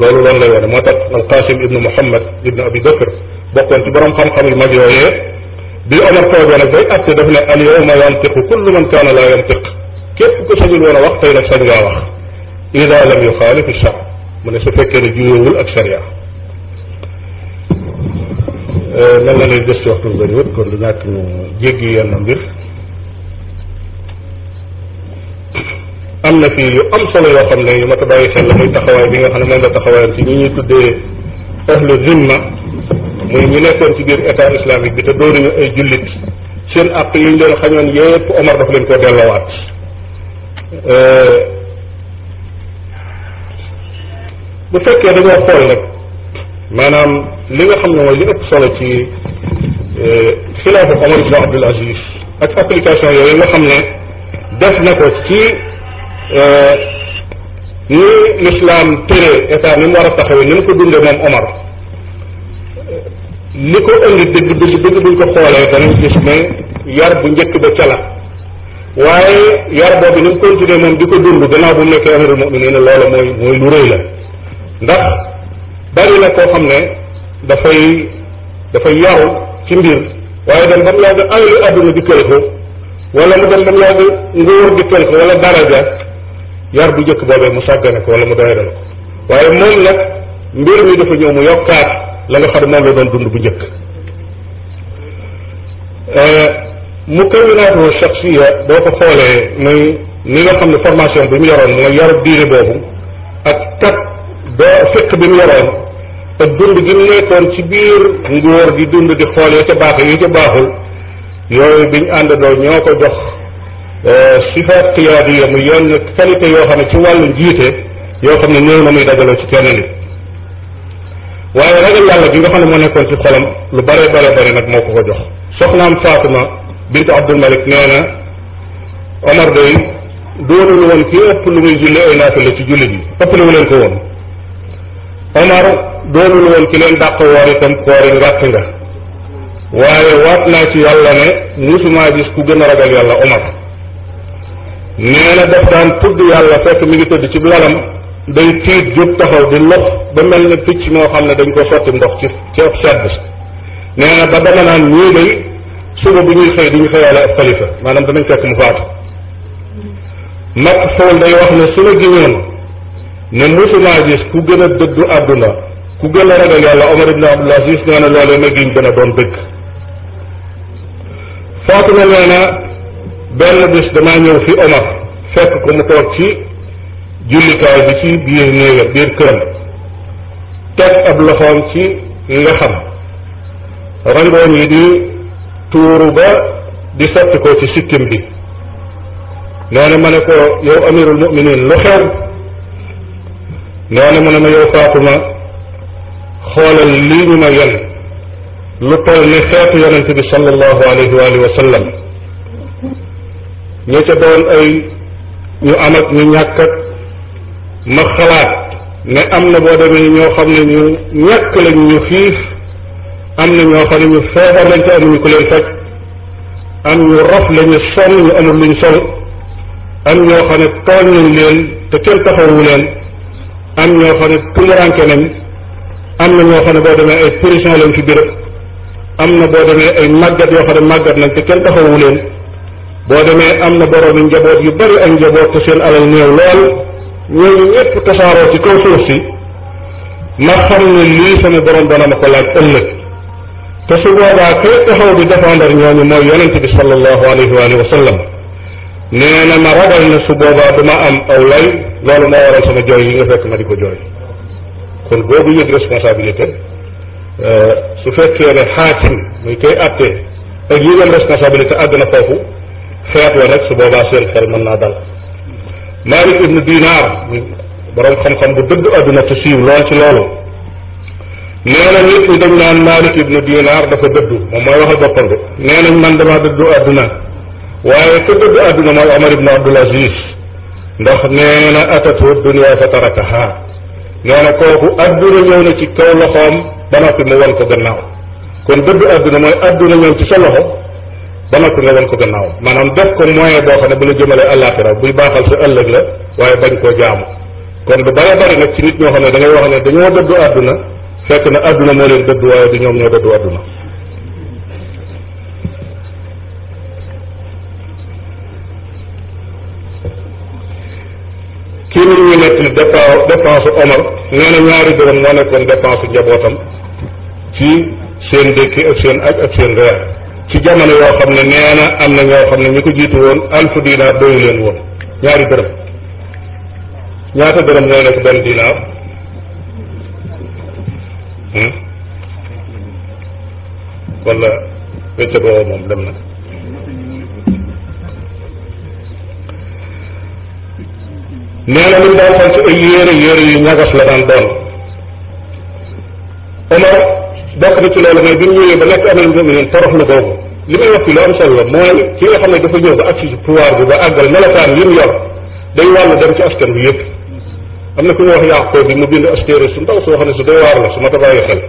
loolu loolu lay wane tax alqasim ibnu muhammad ibnu abi bakr bokkoon ci borom xam-xam yu mag yooyee bi omar toogee nag bay atte daf ne al yawma yantiqu kullu man kaana laa yantiq képp ku sañul woon a wax tey nag sañ ngaa wax ida lam yuxaalif shar mu ne su fekkee ne juyeewul ak mel na ne des ci waxtu bëriwut kon du ñàkk ñu jéggi yenn mbir am na fii yu am solo yoo xam ne yu ma ta bàyyi xel la muy taxawaay bi nga xam ne moom la taxawaayam ci ñu ñuy tuddee ahlu zimma mu ñu nekkoon ci biir état islamique bi te doonuñu ay jullit seen àq yi ñu doon xañoon yépp Omar daf leen ko delloowaat euh, bu fekkee dañoo xool nag maanaam li nga xam ne mooy li ëpp solo ci euh, xilaafa Omar ibn Abdul Aziz ak application yooyu nga xam ne def na ko ci euh, ni l'islam tere état ni mu war a taxawee ni mu ko dundee moom Omar li ko indi dëgg dëgg dëgg buñ ko xoolee danañ gis ne yar bu njëkk ba cala waaye yar boobu ni mu continuer moom di ko dund gannaaw bu mu nekkee amirul muminina loola mooy mooy lu rëy la ndax bari na koo xam ne dafay dafay yaru ci mbir waaye dem ba mu yàgg alalu àdduna di kël ko wala mu dem ba mu yàgg nguur di kël ko wala daraja yar bu njëkk boobee mu sàggane ko wala mu doyadal ko waaye moom nag mbir mi dafa ñëw mu yokkaat la nga xam ne moom la doon dund bu njëkk eh, mukawinaatu shaxsiya boo ko xoolee muy ni nga xam ne formation bi mu yoroon mooy yaru diine boobu ak kat ba fiq bi mu yoroon ak dund gi mu nekkoon ci biir nguur di dund di xool ya ca baax ya baaxul yooyu biñ àndandoo ñoo ko jox eh, sifaat qiyaadiya mu yenn qualité yoo xam ne ci wàllu njiite yoo xam ne néew na muy dajaloo ci kenn nit waaye ragal yàlla gi nga xam ne moo nekkoon ci xolam lu bare bare bare nag moo ko ko jox soxnaam Fatima bint Abdul Malik nee na Omar day doonul woon kii lu muy julli ay naafila ci julli bi ëpp lu leen ko woon Omar doonul woon ci leen dàq woor itam koori ngàtt nga waaye waat naa ci yàlla ne musuma gis ku gën a ragal yàlla Omar nee na daf daan tudd yàlla fekk mi ngi tëdd ci lalam day tiit jóg taxaw di lox ba mel ne picc moo xam ne dañ ko sotti ndox ci ci ab sedd nee na ba dama naan day suba bu ñuy xëy ñu xëyaale ab xalifa maanaam danañ fekk mu faatu mag xool day wax ne su ma giñoon ne mosumaa gis ku gën a dëddu àdduna ku gën a ragal yàlla Omar ibn Abdul Aziz nee loolee nag yiñ gën a doon dëkk Fatima nee benn bis damaa ñëw fi Omar fekk ko mu toog ci jullikaay bi ci biir néegam biir këram teg ab loxoom ci nga xam rangoon yi di tuuru ba di sotti ko ci sikkim bi nee ma ne ko yow amirul muminin lu xew noonu mu ne ma yow xoolal lii ñu ma yon lu toll ni xeetu yonente bi sallallahu alayhi wa alihi wa sallam doon ay ñu am ñu ñàkk ma xalaat ne am na boo demee ñoo xam ne ñu ñàkk lañ ñu am na ñoo xam ne ñu feebar lañ te amuñu ku leen am ñu rof lañu sonn ñu amul luñ sol am ñoo xam tooñ nañ leen te kenn taxawu leen am ñoo xam ne tumuranke nañ am na ñoo xam ne boo demee ay prison lañ ci béréb am na boo demee ay màggat yoo xam ne màggat nañ te kenn taxawu leen boo demee am na boroomi njaboot yu bari ay njaboot te seen alal néew lool ñooñu ñëpp tasaaroo ci kaw suuf si ma xam ne lii sama borom dana ma ko laaj ëllëg te su boobaa kay taxaw di défendre ñooñu mooy yonente bi sallallahu alayhi wa sallam nee na ma ragal ne su boobaa duma am aw lay loolu moo waral sama jooy yi nga fekk ma di ko jooy kon boobu yëg responsabilité euh, su fekkee ne xaatim muy koy àtte ak yëgal responsabilité àgg na foofu xeet wa nag su boobaa seen xel mën naa dal Malik ibnu Dinaar borom xam-xam bu dëgg àdduna te siiw lool ci loolu nee na nit ñi dañ naan Malik ibnu Dinaar dafa dëddu moom mooy wax a boppam de nee nañ man dama dëddu àdduna waaye te dëddu àdduna mooy Omar ibnu Abdul Aziz ndox nee na atatu dunia fa tarakaha nee na kooku adduna ñëw na ci kaw loxoom ba noppi mu won ko gannaaw kon dëgg adduna mooy adduna ñëw ci sa loxo ba noppi nga won ko gannaaw maanaam def ko moyen boo xam ne bu la jëmalee àllaaxira buy baaxal sa ëllëg la waaye bañ koo jaamu kon lu bare bare nag ci nit ñoo xam ne da ngay wax ne dañoo dëddu adduna fekk na adduna moo leen dëddu waaye du ñoom ñoo dëddu adduna kii nit ñu nekk ni dépense Omar nee na ñaari dërëm moo nekkoon dépense njabootam ci seen dëkki ak seen aj ak seen reer ci jamono yoo xam ne nee na am na ñoo xam ne ñi ko jiitu woon alfu dinaar doyu leen woon ñaari dërëm ñaata dërëm moo nekk benn dinaar hmm? wala wécce boobu moom dem na nee na lim daan ci ay yére yére yu ñagas la daan doon Omar bokk na ci loolu mooy bi mu ñëwee ba nekk amal muminin torox na boobu li may wax ci lu am solo mooy ki nga xam ne dafa ñëw ba agsi ci pouvoir bi ba àggal melokaan yi mu yor day wàll dem ci bi yëpp am na ku ñu wax Yaaqoob bi mu su ndaw soo xam ne su doy waar la su ma ta bàyyi xel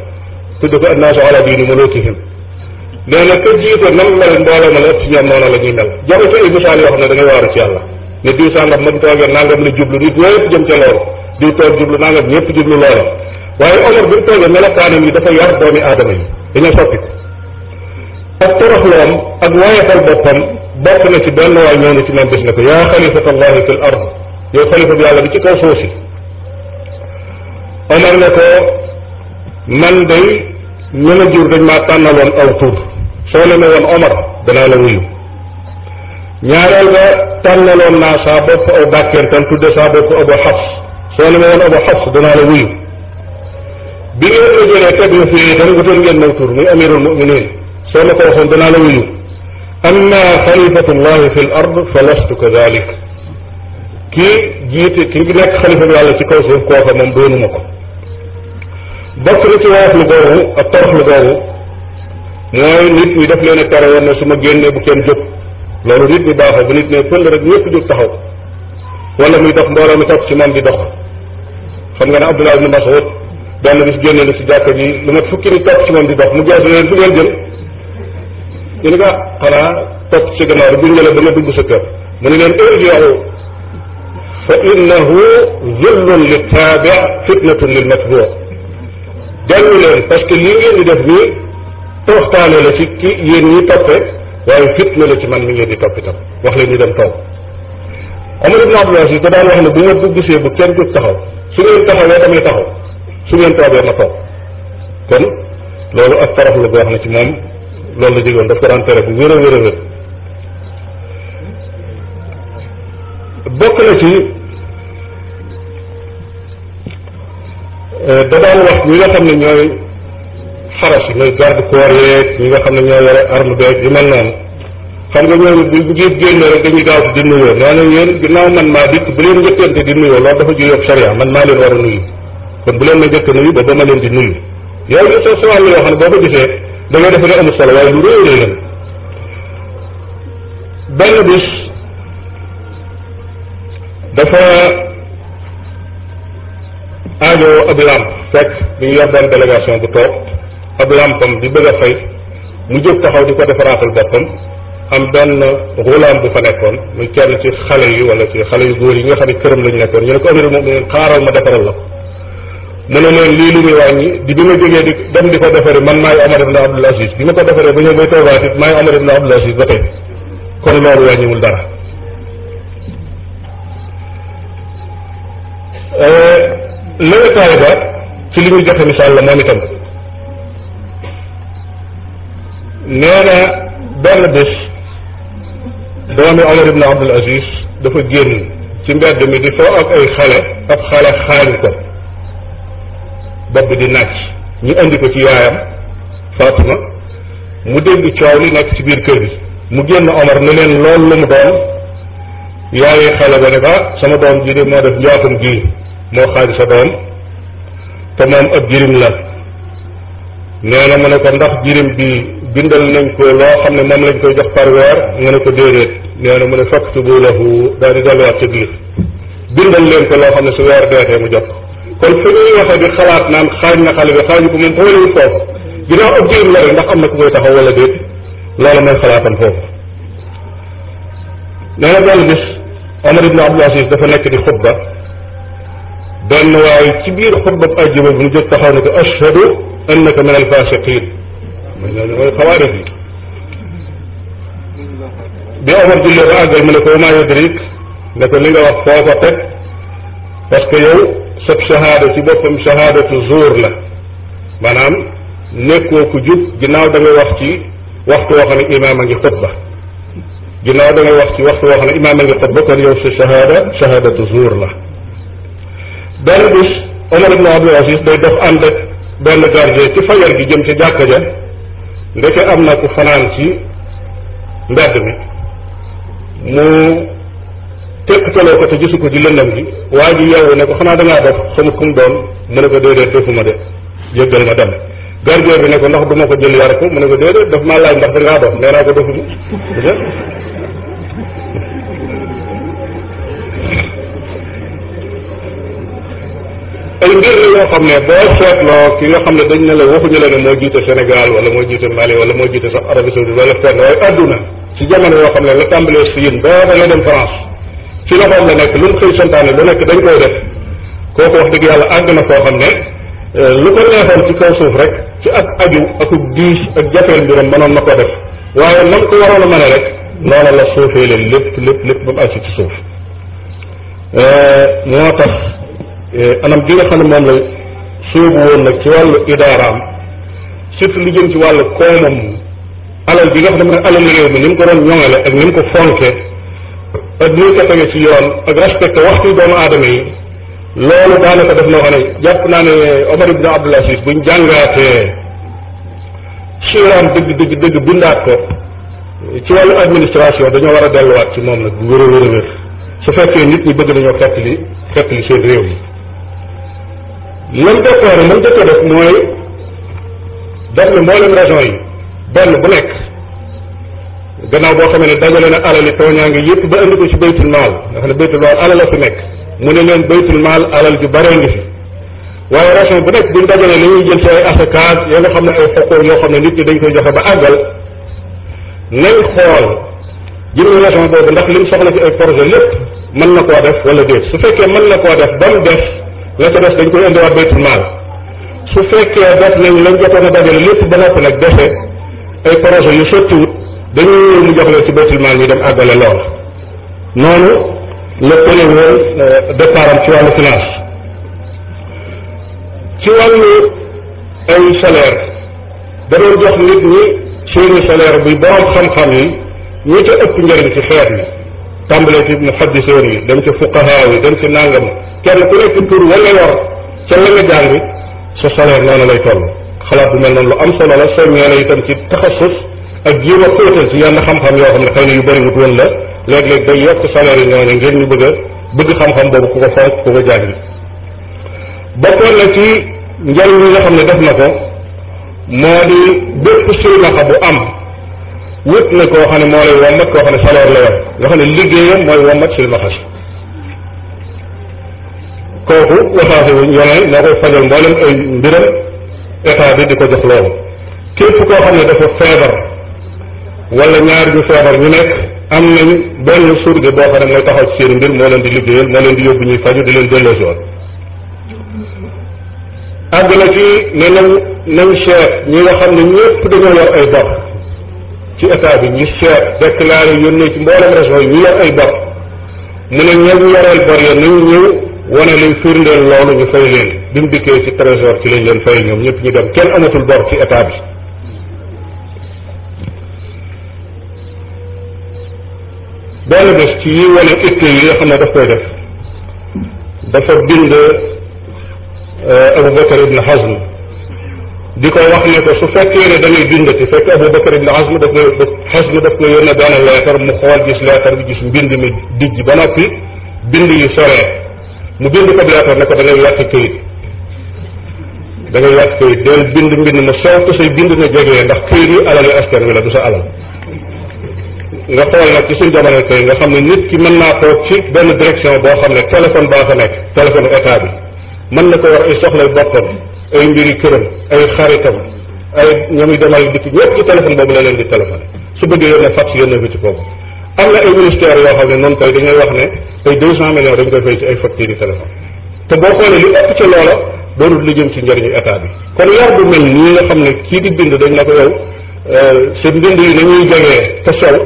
tudd ko annaasu ala diini na ka jiite nam mel mboolee la ëpp ci ñoom noonu la mel jaru ci ay misaal yoo xam ne da ngay waaru ci yàlla ne diw sàngam nag toogee nangam la jublu nit ñëpp jëm ca loolu diw toog jublu nangam ñëpp jublu loola waaye Omar bi mu toogee melokaanam yi dafa yar doomi aadama yi dañoo soppi ak toroxloom ak woyefal boppam bokk na ci benn waay ñëw na ci moom bis ne ko yaa xalifat allahi fi l ard yow xalifa bi yàlla bi ci kaw suuf si Omar ne ko man day ña ma jur dañ maa tànnaloon aw tur soo lemee woon Omar danaa la wuyu ñaareel ba tànnaloon naa saa bopp aw bàkkentan tudde saa bopp abu xafs soo ne ma woon abu xafs danaa la wuyu bi ngeen la jëlee teg na fi itam wutoon ngeen naw tur muy amirul muminin soo ma ko waxoon danaa la wuyu amma xalifatullahi fi l ard fa lastu kadalik kii jiite ki ngi nekk xalifa bi yàlla ci kaw suuf kooka moom doonuma ko bokk na ci woyof lu googu ak torox lu googu mooy nit ñi daf leen a tere woon ne su ma génnee bu kenn jóg loolu nit ñi baaxoo bu nit ne fël rek ñëpp jóg taxaw wala muy dox mbooloo mi topp ci moom di dox xam nga ne Abdullah ibn Mas'ud benn bis génne na si jàkka ji lu mat fukki nit topp ci moom di dox mu geesu leen fu ngeen jëm ñu ne ko xanaa topp ci gannaaw bi gunge la ba nga dugg sa kër mu ne leen irjiu fa innahu zullun li taabi fitnatun lil matbu dellu leen parce que lii ngeen di def nii tooxtaane la ci ki yéen ñi toppee waaye fitna la ci man mi ngi leen di topp wax leen ñu dem toog Omar ibn Abdul Aziz da daan wax ne bu ma bu gisee bu kenn jóg taxaw su ngeen taxawee taxaw su ngeen toogee ma toog kon loolu ak torox la boo xam ne ci moom loolu la jógoon daf ko daan tere bu wér a wér a bokk na ci eh, da daan wax ñi nga xam ne ñooy xaras yi muy garde corps ñu nga xam ne ñoo yore arme beeg yu mel noonu xam nga ñooñu bu bu ñëpp génnee gaaw di nuyoo nee nañ yéen ginnaaw man maa dikk bu leen njëkkante di nuyoo loolu dafa juyoo charia man maa leen war a nuyu kon bu leen ma njëkk nuyu ba ba ma leen di nuyu yow li soo sowàll yoo xam ne boo ko da ngay defe ne amul solo dafa aajo ab lamp fekk bi bu toog ab làmpam di bëgg a mu jóg taxaw di ko defaraatal boppam am benn xulaam bu fa nekkoon mu kenn ci xale yi wala ci xale yu góor yi nga xam ne këram lañu nekkoon ñu ne ko amirul muminin ma defaral la mu ne lii lu muy di bi ma di dem di ko defare man maay Omar ibn Abdul Aziz bi ma ko defaree ba ñëw bay toogaat it maay Omar ibn Abdul Aziz ba tey kon loolu wàññiwul dara euh, lëwetaay ba ci li muy joxe misaal la moom itam nee na benn bés doomi Omar ibn Abdul Aziz dafa génn ci mbedd mi di foo ak ay xale ak xale xaañ ko bopp bi di nàcc ñu indi ko ci yaayam Fatima mu dégg coow li nekk ci biir kër gi mu génn Omar ne leen loolu lu mu doon yaayi xale ba ne ko ah, sama doom ji de moo def njaatam gi moo xaañ sa doom te moom ab jirim la nee mu ne ko ndax jirim bi bindal nañ ko loo xam ne moom lañ koy jox par nga ne ko déedéet nee na mu ne faktubu lahu daal di delluwaat ca biir bindal leen ko loo xam ne su weer deetee mu jot kon fi ñuy waxee di xalaat naan xaaj na xale bi xaaju ko moom xoolewul foofu ginnaaw ab diir la rek ndax am na ku koy taxaw wala déet loolu mooy xalaatam foofu nee na benn bis Omar ibn Abdul Aziz dafa nekk di xutba benn waaye ci biir xutba ajjuma bu mu jóg taxaw ne ko ashhadu annaka min al fasiqin mooy loolu mooy xawaarif yi bi mu ne ko wa yudrik ne ko li nga wax foo ko teg yow sab shahada ci boppam shahadatu zuur la maanaam nekkoo ku jub ginnaaw da ngay wax ci waxtu woo xam ne imaam a ngi xutba ginnaaw da wax ci waxtu woo xam ne imaam a ngi xutba kon yow sa shahada shahadatu zuur la benn bis Omar ibn Abdul Aziz day dox ànd ak benn gardien ci fajar gi jëm ci jàkka ja ndeke am na ku fanaan ci mbedd mi mu tekkitaloo ko te gisu ko ci lëndam gi waa ji yow ne ko xanaa dangaa dof xamut ku mu doon mu ne ko déedéet defuma de jéggal ma dem gardien bi ne ko ndax du ma ko jël yar ko mu ne ko déedéet daf maa laaj ndax dangaa dof nee naa ko defuma ay mbir la yoo xam ne nga xam ne dañ ne la waxuñu la ne moo jiite Sénégal wala wala moo jiite sax Arabie Saoudite wala fenn waaye adduna ci jamono yoo xam ne la tàmbalee ba ba nga dem France ci loxoom la lu mu xëy santaane lu nekk dañ koy def kooku wax dëgg yàlla àgg na koo xam ne euh, lu ko neexoon ci kaw suuf rek ci ak aju akub diis ak jafeel mbiram mënoon na ko def waaye nam ko waroon a mën a rek loola la suufee leen lépp lépp lépp ba a àgg ci suuf euh, moo tax Eh, anam gi nga xam ne moom la sóobu woon nag ci wàllu idaaraam surtout lu jëm ci wàllu koomam alal bi nga xam ne mooy alal réew mi ni mu ko doon ñoŋale ak ni mu ko fonke ak ni mu ko tege ci yoon ak respecté waxtu doomu aadama yi loolu daanaka def noo xam ne jàpp naa ne Omar ibn Abdul Aziz buñ jàngaatee siiraam dëgg dëgg dëgg bindaat ko ci wàllu administration dañoo war a delluwaat ci moom nag bu wér a wér su fekkee nit ñi bëgg nañoo xettali li seen réew yi lan ko feere lan ko def mooy def ne mboolem région yi benn bu nekk gannaaw boo xamee ne dajale na alali tooñaange yëpp ba indi ko ci baytul maal nga xam ne baytul maal alal la nekk mu ne leen baytul maal alal ju baree ngi fi waaye région bu nekk buñ dajalee la ñuy jël ci ay asakaas ya nga xam ne ay xokkoor yoo xam ne nit ñi dañ koy joxe ba àggal nañ xool jëmmi région boobu ndax lim soxla ci ay projet lépp mën na koo def wala déet su fekkee mën na koo def ba la ca des dañ koy indiwaat baytul maal su fekkee def nañ lañ jotoon a dajale lépp ba noppi nag dese ay projet yu sottiwut dañuy ñëw mu jox leen ci baytul maal ñu dem àggale lool noonu la pële woon euh, départ am ci wàllu finance ci wàllu ay salaire da doon jox nit seeni salaire bi borom xam-xam yi ñi ca ëpp njëriñ ci xeet yi tàmbalee ci muhaddisoon yi dem ci fuqahaa yi dem ci nangam kenn ku nekk tur wala yor ca la nga jàng sa salaire noonu lay toll xalaat bu mel noonu lu am solo la soññee la itam ci taxasus ak jéem a xóotal ci yenn xam-xam yoo xam ne xëy na yu bëriwut woon la léeg-léeg day yokk salaire a xam nga xam ne def na ko moo di bépp silmaxa bu am wut na koo xam ne moo lay wommat koo xam ne salaire la yor nga xam ne liggéeyam mooy wommat silmaxa si kooku wasaase wuñ yoneen moo koy fajal mboolem ay mbiram état bi di ko jox loolu képp koo xam ne dafa feebar wala ñaar ñu feebar ñu nekk am nañ benn surge boo xam ne mooy taxaw ci seen mbir moo leen di liggéeyal moo leen di yóbbu ñuy faju di leen delloo si woon àgg na ci ne nañ nañ seet ñi nga xam ne ñëpp dañoo yor ay bopp ci état bi ñu seet déclaré yónnee ci mboolem région ñu yor ay bopp mu ne ñoom yoreel bor ya ñëw wane luy firndeel loolu ñu fay leen bi mu dikkee ci trésor ci lañ leen fay ñoom ñëpp ñu dem kenn amatul bor ci état bi benn bés ci yi wane itte yi nga xam ne daf koy def dafa bind eh, Aboubacar ibn Hazm di ko wax ne ko su fekkee ne da ngay bindati fekk Aboubacar ibn Hazm daf koy Hazm daf koy yónnee benn leetar mu xool gis leetar bi gis mbind mi dijj ba noppi bind yu soree mu bind ko leetar ne ko da ngay wàcc këyit da ngay del bind mbind ma soo ko bind na jegee ndax këyit yi alal yu askan wi la du sa alal nga xool nag ci suñ jamono xam ne nit ki mën naa toog ci benn direction boo xam ne téléphone baa fa nekk téléphone état bi mën na ko wax ay soxlay boppam ay mbiri këram ay xaritam ay ñoomi demal dikk ñëpp ci téléphone boobu la leen di téléphone su bëggee yónnee fax yónnee ko ci kooku am na ay ministères yoo xam ne noonu tey dañuy wax ne ay deux cent millions dañ koy fay ci ay te boo xoolee li ëpp ci loola doonul lu bi kon yar bu mel nii nga xam ne kii di bind dañ la ko yow euh, seen mbind yi nañuy jógee te sol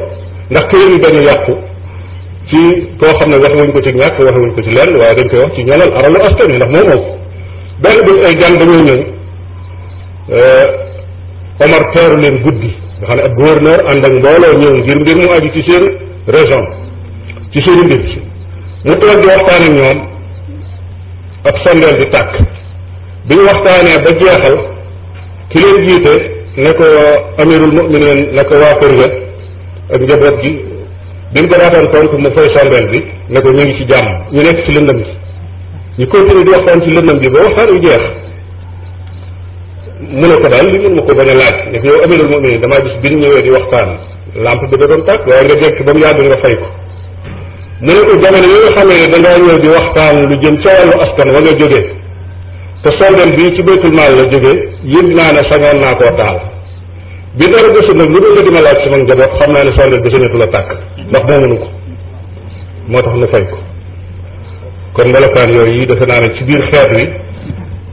ndax këyit yi dañu yàqu ci koo xam ne wax wuñ ko ci ñàkk wax wuñ ko ci lenn waaye dañ koy wax ci ñoolal aralu askan wi ndax moo moo ko benn bés ay gan dañoo ñëw euh, Omar teeru leen guddi nga xam ne ab gouverneur ànd ak mbooloo ñëw ngir mbir mu aju ci seen région ci seen mbir mu toog di waxtaan ak ñoom ab sondeel di tàkk bi ñu waxtaanee ba jeexal ki leen jiite ne ko amirul mu'minin ne ko waa kër ga ak njaboot gi bi mu ko daataan tontu mu fay sondeel bi ne ko ñu ngi ci jàmm ñu nekk ci lëndëm gi ñu continuer di waxtaan ci lëndëm bi ba waxtaan yu jeex mu ne ko daal li ngeen ma ko bañ a laaj ne ko yow amee loolu moom ne damaa gis biñ ñëwee di waxtaan lampe bi da doon tàkk waaye nga jekk ba mu yàgg nga fay ko mu ne ko jamono yi nga lu jëm ca wàllu askan wa nga jógee te soldem bii ci baytul maal la jógee yëg naa ne sañoon naa koo taal bi dara desul nag laaj sama njaboot xam naa ne soldem bi sañatu la tàkk ndax moomuñu ko moo tax nu fay ko kon melokaan yooyu yi defe naa ci biir xeet wi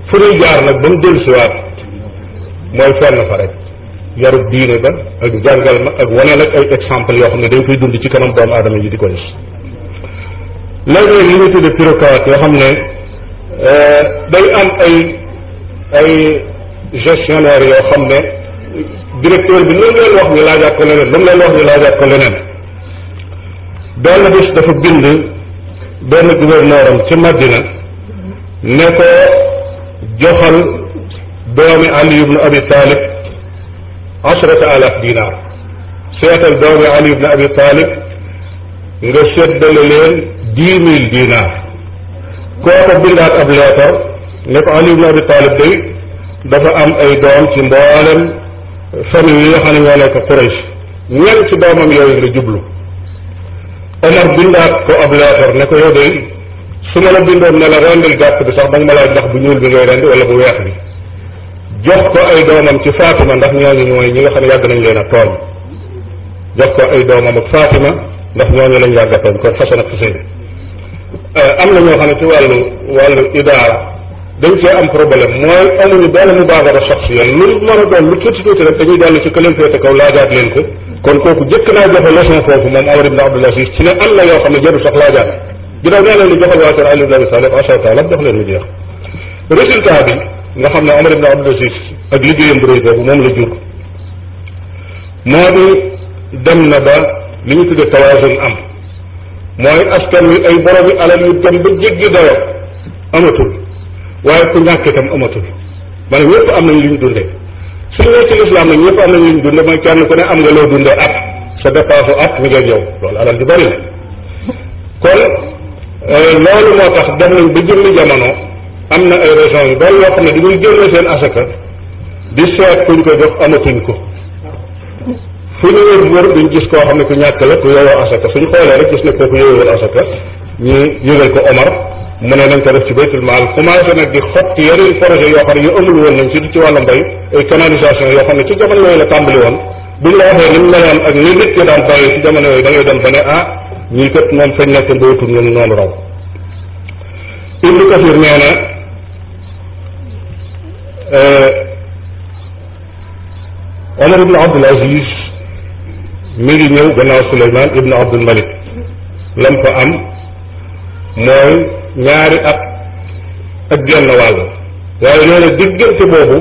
fu ñuy jaar nag ba mu dellusiwaat mooy fenn fa rek yarub diine ba ak jàngal ma ak wane nag ay exemple yoo xam ne dañ koy dund ci kanam doomu aadama yi di ko gis léeg-léeg li ñu tudde bureaucrate yoo xam ne euh, day am ay ay gestionnaire yoo xam ne directeur bi lu mu leen wax ñu laajaat ko leneen lu mu leen wax ñu laajaat ko leneen benn bis dafa bind benn gouverneur am ci Madina ne ko joxal doomi Ali ibn Abi Talib ashrata alaf dinaar seetal doomi Ali ibn Abi Talib nga seddale leen dix mille dinaar kooko ab leetar ne ko Ali ibn Abi Talib day dafa am ay doom ci mboolem famille yi nga xam ne ñoo nekk Quraysh ñenn ci doomam yooyu la jublu Omar bindaat ko ab leetar ko day su ma la bin ne la rendil gàtt bi sax da nga ma laaj ndax bu ñuul bi wala bu weex bi jox ko ay doomam ci Fatima ndax ñooñu mooy ñi nga xam ne yàgg nañ leen a jox ko ay doomam ak Fatima ndax ñooñu lañ yàgg a tooñ kon façon ak fasine euh, am na ñoo xam ne ci wàllu wàllu idaara dañ cee am problème mooy amuñu benn mu baagara sox si yéen lu mën a doon lu tuuti tuuti rek dañuy dellu ci këleen féete kaw laajaat leen ko kon kooku jëkk naa joxe leçon foofu moom Omar ibn Abdul Aziz ci ne am na yoo xam ne jarul sax laajaat ginnaaw nee leen di jox leen mu jeex résultat nga xam ne Omar ibn Abdul Aziz ak liggéeyam bu rëy boobu moom la jur moo dem na ba li ñu tuddee tawaasun am mooy askan wi ay boromi alal yu dem ba jéggi dayo amatul waaye ku ñàkk itam amatul maanaam ñëpp am nañ li ñu dundee suñu wér ci lislaam nag ñëpp am nañ li dundee mooy kenn ku ne am nga loo dundee at sa dépense at mi ngi yow loolu alal ju bari la kon euh, loolu moo tax dem nañ ba jëmmi jamono. am na ay régions yu bari yoo xam ne di muy génne seen asaka di seet kuñ ko jox amatuñ ko fu ñu wër wër duñ gis koo xam ne ku ñàkk la ku yowoo asaka suñ xoolee rek gis ne kooku yowul asaka ñu yëgal ko Omar mu ne nañ ko def ci baytul maal commencé nag di xotti yeneen projet yoo xam ne yu woon nañ ci ci wàllu mbay ay canalisation yoo xam ne ci jamono yooyu la tàmbali woon buñ waxee ni mu meloon ak ni nit ki daan bàyyi ci jamono yooyu da ngay dem ba ne ah ñii kat moom fañ nekk mbéyutum ñoom noonu raw Ibnu Kasir nee na Euh, Omar ibn Abdul Aziz mi ngi ñëw gannaaw Suleymaan ibn Abdul Malik lam fa am mooy ñaari at ak genn wàll waaye nee na diggante boobu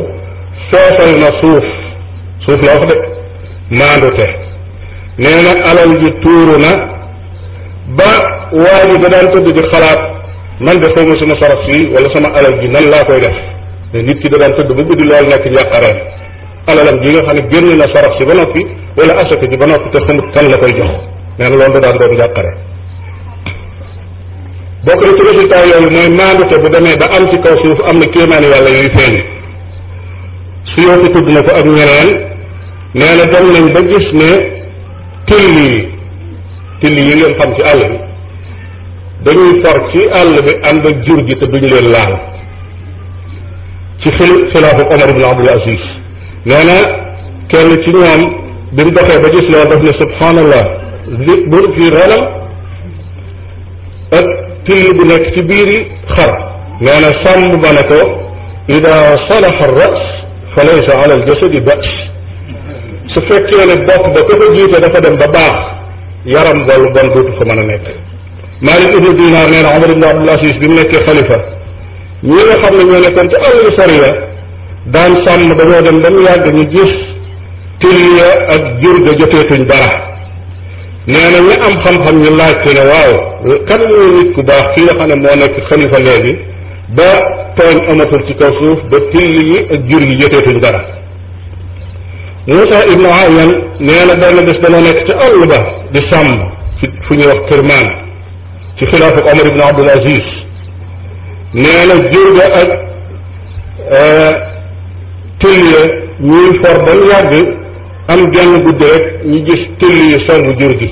soosal na suuf suuf la wax de maandute nee na alal ji tuuru na ba waa ji da daan tëdd di xalaat man de xaw ma sama saras yi wala sama alal ji nan laa koy def te nit ki da daan tëdd ba guddi loolu nekk njàqareem alalam ji nga xam ne génn na sarax si ba noppi wala asaka ji ba noppi te xamut kan la koy jox nee na da daan doon njàqare bokk na ci résultat yooyu mooy maandute bu demee ba am ci kaw suuf am na kéemaani yàlla yooyu feeñ su yoo ko tudd na ko ak ñeneen nee na dem nañ ba gis ne till yi till yi ngeen xam ci àll bi dañuy for ci àll bi am ak jur gi te duñ leen laal ci xil xilaafu Omar ibn Abdul Aziz nee na ci ñoom bi ba gis loolu daf ne subhanallah li bur fi ranam ak till bu nekk ci biiri xar nee na sàmm ba ne ko ida salaha ar-ra's fa laysa ala al-jasadi ba's su fekkee ne bopp ba ko ko jiite yaram ba lu bon dootu a nekk Malik ibnu Dinar Aziz bi mu nekkee ñi nga xam ne ñoo nekkoon ci àll yu sori ya daan sàmm dañoo dem ba mu yàgg ñu gis till ya ak jur ga joteetuñ dara nee na ñi am xam-xam ñu laajte ne waaw kan mooy nit ku baax kii nga xam ne moo nekk xalifa léegi ba tooñ amatul ci kaw suuf ba till yi ak jur yi joteetuñ dara Moussa ibnu Ayan nee na benn bés danoo nekk ci àll ba di sàmm fi fu ñuy wax Kirmaan ci xilaafuk Omar ibnu Abdul Aziz nee na jur ga ak euh, till ya ñuy for ba am genn guddi rek ñu gis till yi songu jur gi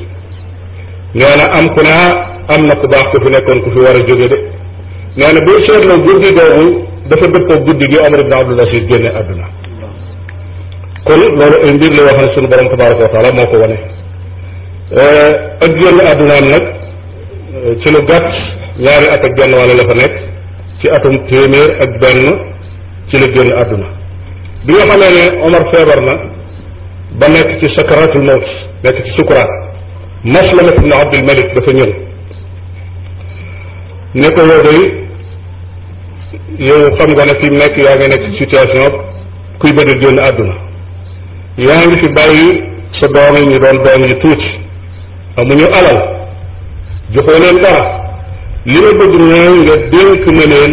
nee na am ku naa ah, am na ku ku fi nekkoon ku fi war a jóge de nee na buy seetloo guddi googu dafa dëppoo guddi gi Omar ibn Abdul Aziz génne àdduna kon loolu ay mbir la yoo xam ne sunu borom tabaraka wa euh, euh, ci lu gàtt ñaari at ak genn la fa nekk ci atum téeméer ak benn ci la génn àdduna bi nga xamee ne Omar feebar na ba nekk ci sakaratul mawt nekk ci sukuraat Maslama ibn Abdul Malik dafa ñëw ne ko day yow xam nga ne fi mu nekk yaa ngi nekk ci situation kuy bëgg a génn àdduna yaa ngi fi bàyyi sa doom yi ñu doon doom yi tuuti amuñu alal joxoo leen dara li ma bëgg mooy nga dénk ma leen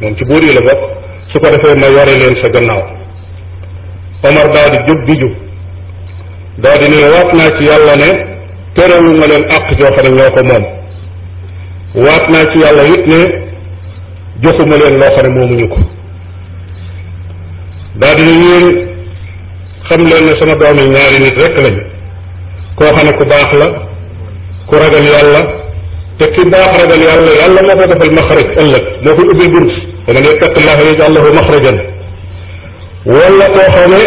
moom ci buur yi la bokk su ko defee ma yore leen sa gannaaw Omar daal di jóg di daal di ne waat naa ci yàlla ne terewu ma leen àq joo xam ñoo ko moom waat naa ci yàlla it ne joxuma leen loo xam ne moomuñu ko daal di ne yéen xam leen ne sama doomi ñaari nit rek lañ koo xam ne ku baax la ku ragal yàlla te ki baax ragal yàlla yàlla moo ko defal maxraj ëllëg moo koy ubbil bunt wa man yattaqillaha yaj'al lahu maxrajan wala koo xam ne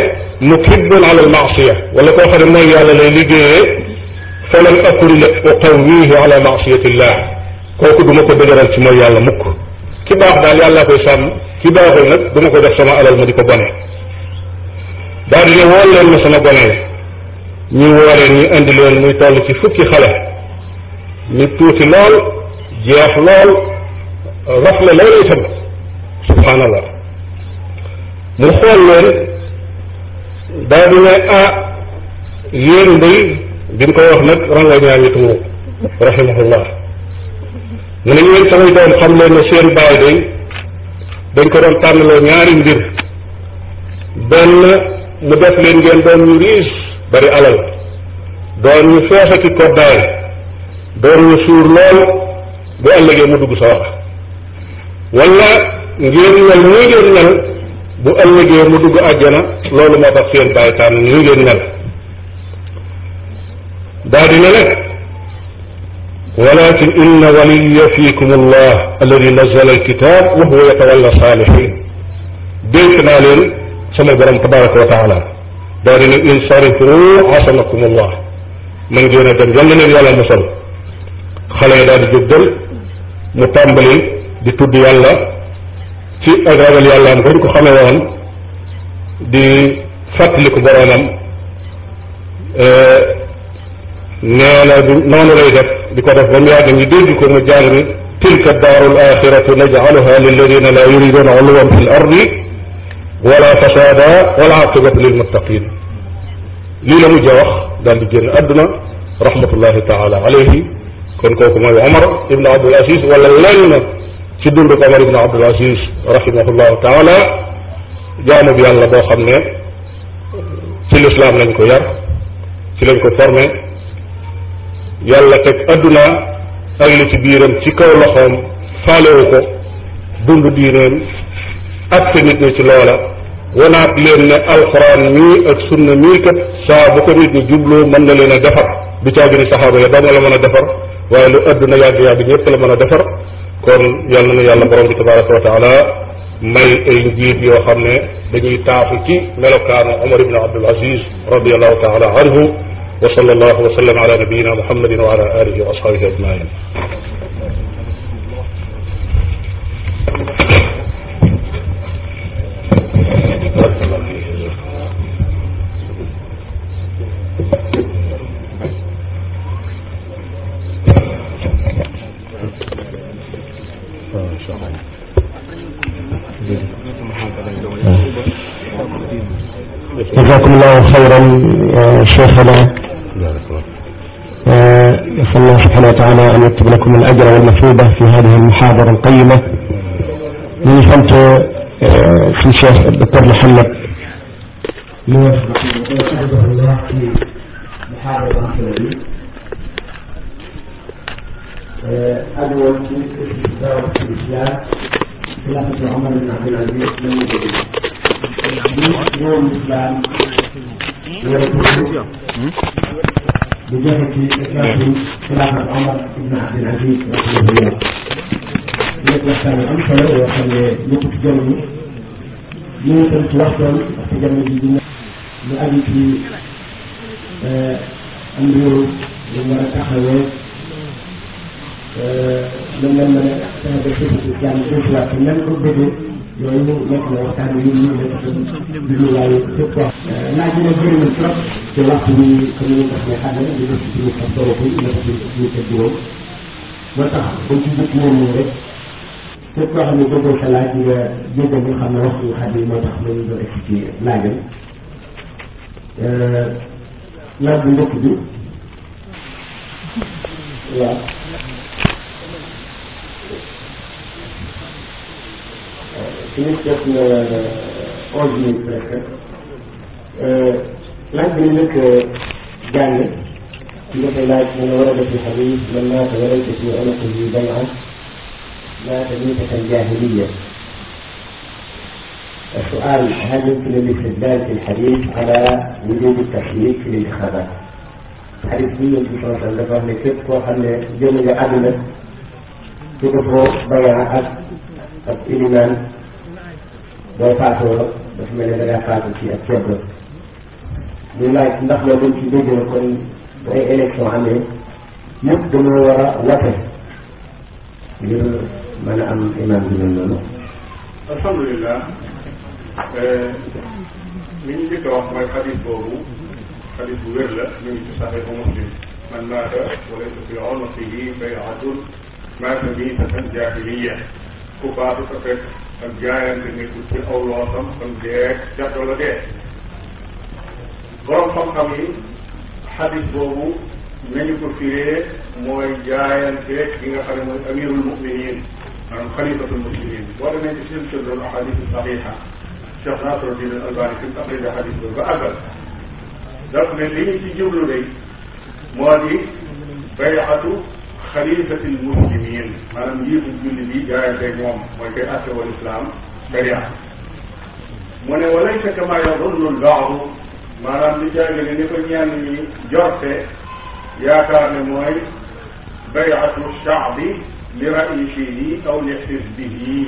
mukibun ala almasiya wala koo xam ne mooy yàlla lay liggéeyee falan akun uqawihi ala masiyatillah kooku du ma ko dëgëral ci mooy yàlla mukk ki baax daal yàllaa koy sàmm ki baaxul nag du ma ko def sama alal ma di ko bone daal di ne wool leen ma sama bone ñu wooreen ñu indi leen muy toll ci fukki xale ñu tuuti lool jeex lool raf la loolu itam subhaanallah mu xool leen daal di ne ah yéen day bi mu koy wax nag rangoñ yaa ngi tuuru rahimahullah mu ne yéen samay doom xam leen seen baay day dañ ko doon tànnaloo ñaari mbir benn mu def leen ngeen doon ñu riis bari alal doon ñu feesati koddaay door nga suur lool bu ëllëgee mu dugg sawara wala ngeen mel nii ngeen mel bu ëllëgee mu dugg àjjana loolu moo tax seen bàyyi tànn nii ngeen mel daa dina ne walakin inna waliya fikum allah alladi nazala alkitab wa huwa yatawalla saalihin dénk naa leen sama borom tabaraka wa taala daa dina in sarifu asanakum allah man ngeen a dem yàlla na leen yàlla mosal xale yi daal di jóg dem mu tàmbali di tudd yàlla ci ak ragal yàlla am ko ñu ko xamee woon di fàttaliku boroomam eh, nee na du noonu lay def di ko def ba mu yàgg ñu dégg ko mu jàng tilka daaru alaxiratu najcaluha lilladina la yuriduna uluwan fi l ardi wala fasada wala aqibatu lilmuttaqin lii la mujj wax daal di génn àdduna rahmatullahi taala alayhi kon kooku mooy Omar ibn Abdul Aziz wala lenn ci dund Omar ibn Abdul Aziz rahimahullahu taala jaamu bi yàlla boo xam ne ci lislaam lañ ko yar ci lañ ko formé yàlla teg adduna ak ci biiram ci kaw loxoom faalewu ko dund diineem ak nit ñi ci loola wanaat leen ne alxuraan mii ak sunna mii kat saa bu ko nit ñi jubloo mën na leen a defar du caagi ni saxaaba ya dong la mën a defar waaye lu àdduna yàgg-yàgg ñëpp la mën a defar kon yal na nu yàlla borom bi tabaraka wa taala may ay njiit yoo xam ne dañuy taafu ci melokaanu Omar ibn Abdul Aziz radiallahu taala anhu wa sallallahu wa sallam ala nabiyina muhammadin wa ala alihi wa ashabihi ajmain Thank you. jazakum allahu xayran cheikhana asa allah subhanahu wa taala an yaktub lakum al ajra wal matluba fi hadihi al muhaadara al qayima ñu ngi sant eh, suñu cheikh docteur Mouhamed li nga ci muhaadara bi aju woon ci islam خلافة عمر بن عبد العزيز لم يجد يوم الإسلام بجهة إسلام خلافة عمر بن عبد العزيز رحمه الله يتوسع الأمثلة ويخلي يتجمع ممكن توصل التجمع بالدماء لأبي في أمره لما تحولت lu mel ne fexe ba service bi jàmm dégluwaat te nan ko bëggee yooyu nekk na waxtaan yu ñu nekk jubluwaayu fépp wax laaj yi nag bëri na trop te waxtu bi comme ni nga xam ne xam ne li def suñu ak doro ko ina ko suñu sa juróom moo tax ba ci jëkk moom nii rek fépp koo xam ne bëggoo sa laaj nga jéggal ñu xam ne waxtu xam yi moo tax ma ñu doon ci laajam laaj bu njëkk bi waaw Inițiativă 11 cred că. L-am gândit că de ani, nu pe la în oră de prihabit, euh, la mea pe oră de ziua, la ziua de la لا تدريك الجاهلية السؤال هل يمكن الاستدلال في الحديث على وجود التحريك في الانتخابات؟ xarit bi yéen ci sama tool dafa ne képp koo xam ne jëm nga àdduna su ko foo bayaan ak ak ilimaan boo faatoo dafa mel ne da ngaa faatu ci ak ceeb la ñu laaj ndax loolu ci dégg na kon bu ay élection amee ñëpp dañoo war a wate ngir mën a am imaam bi mel noonu alhamdulilah eh, li ñu njëkk a wax mooy xadis boobu xadis bu wér la ñu ngi ci saxee bu muslim man maata ku faatu sa fekk ak jaayante nekkul ci aw loosam ak dee jàpp la dee borom xam-xam yi xadis boobu nañu ko firee mooy jaayante gi nga xam ne mooy amirul muminin maanaam xalifatul muslimin boo demee ci silsilatul ahadis saxiha Cheikh Nasruddin al Albani fi mu taxrija xadis boobu ba àggal daf ne li ñu ci jublu day moo di bayatu xalifatil muslimin maanaam njiitu julli bi jaayanteeg moom mooy koy atte wal islam sharia mu ne walaysa kama yadunnu lbaadu maanaam li jaage ne ni ko ñenn ñi jorte yaakaar ne mooy bayatu shaabi li raisihi aw li xisbihi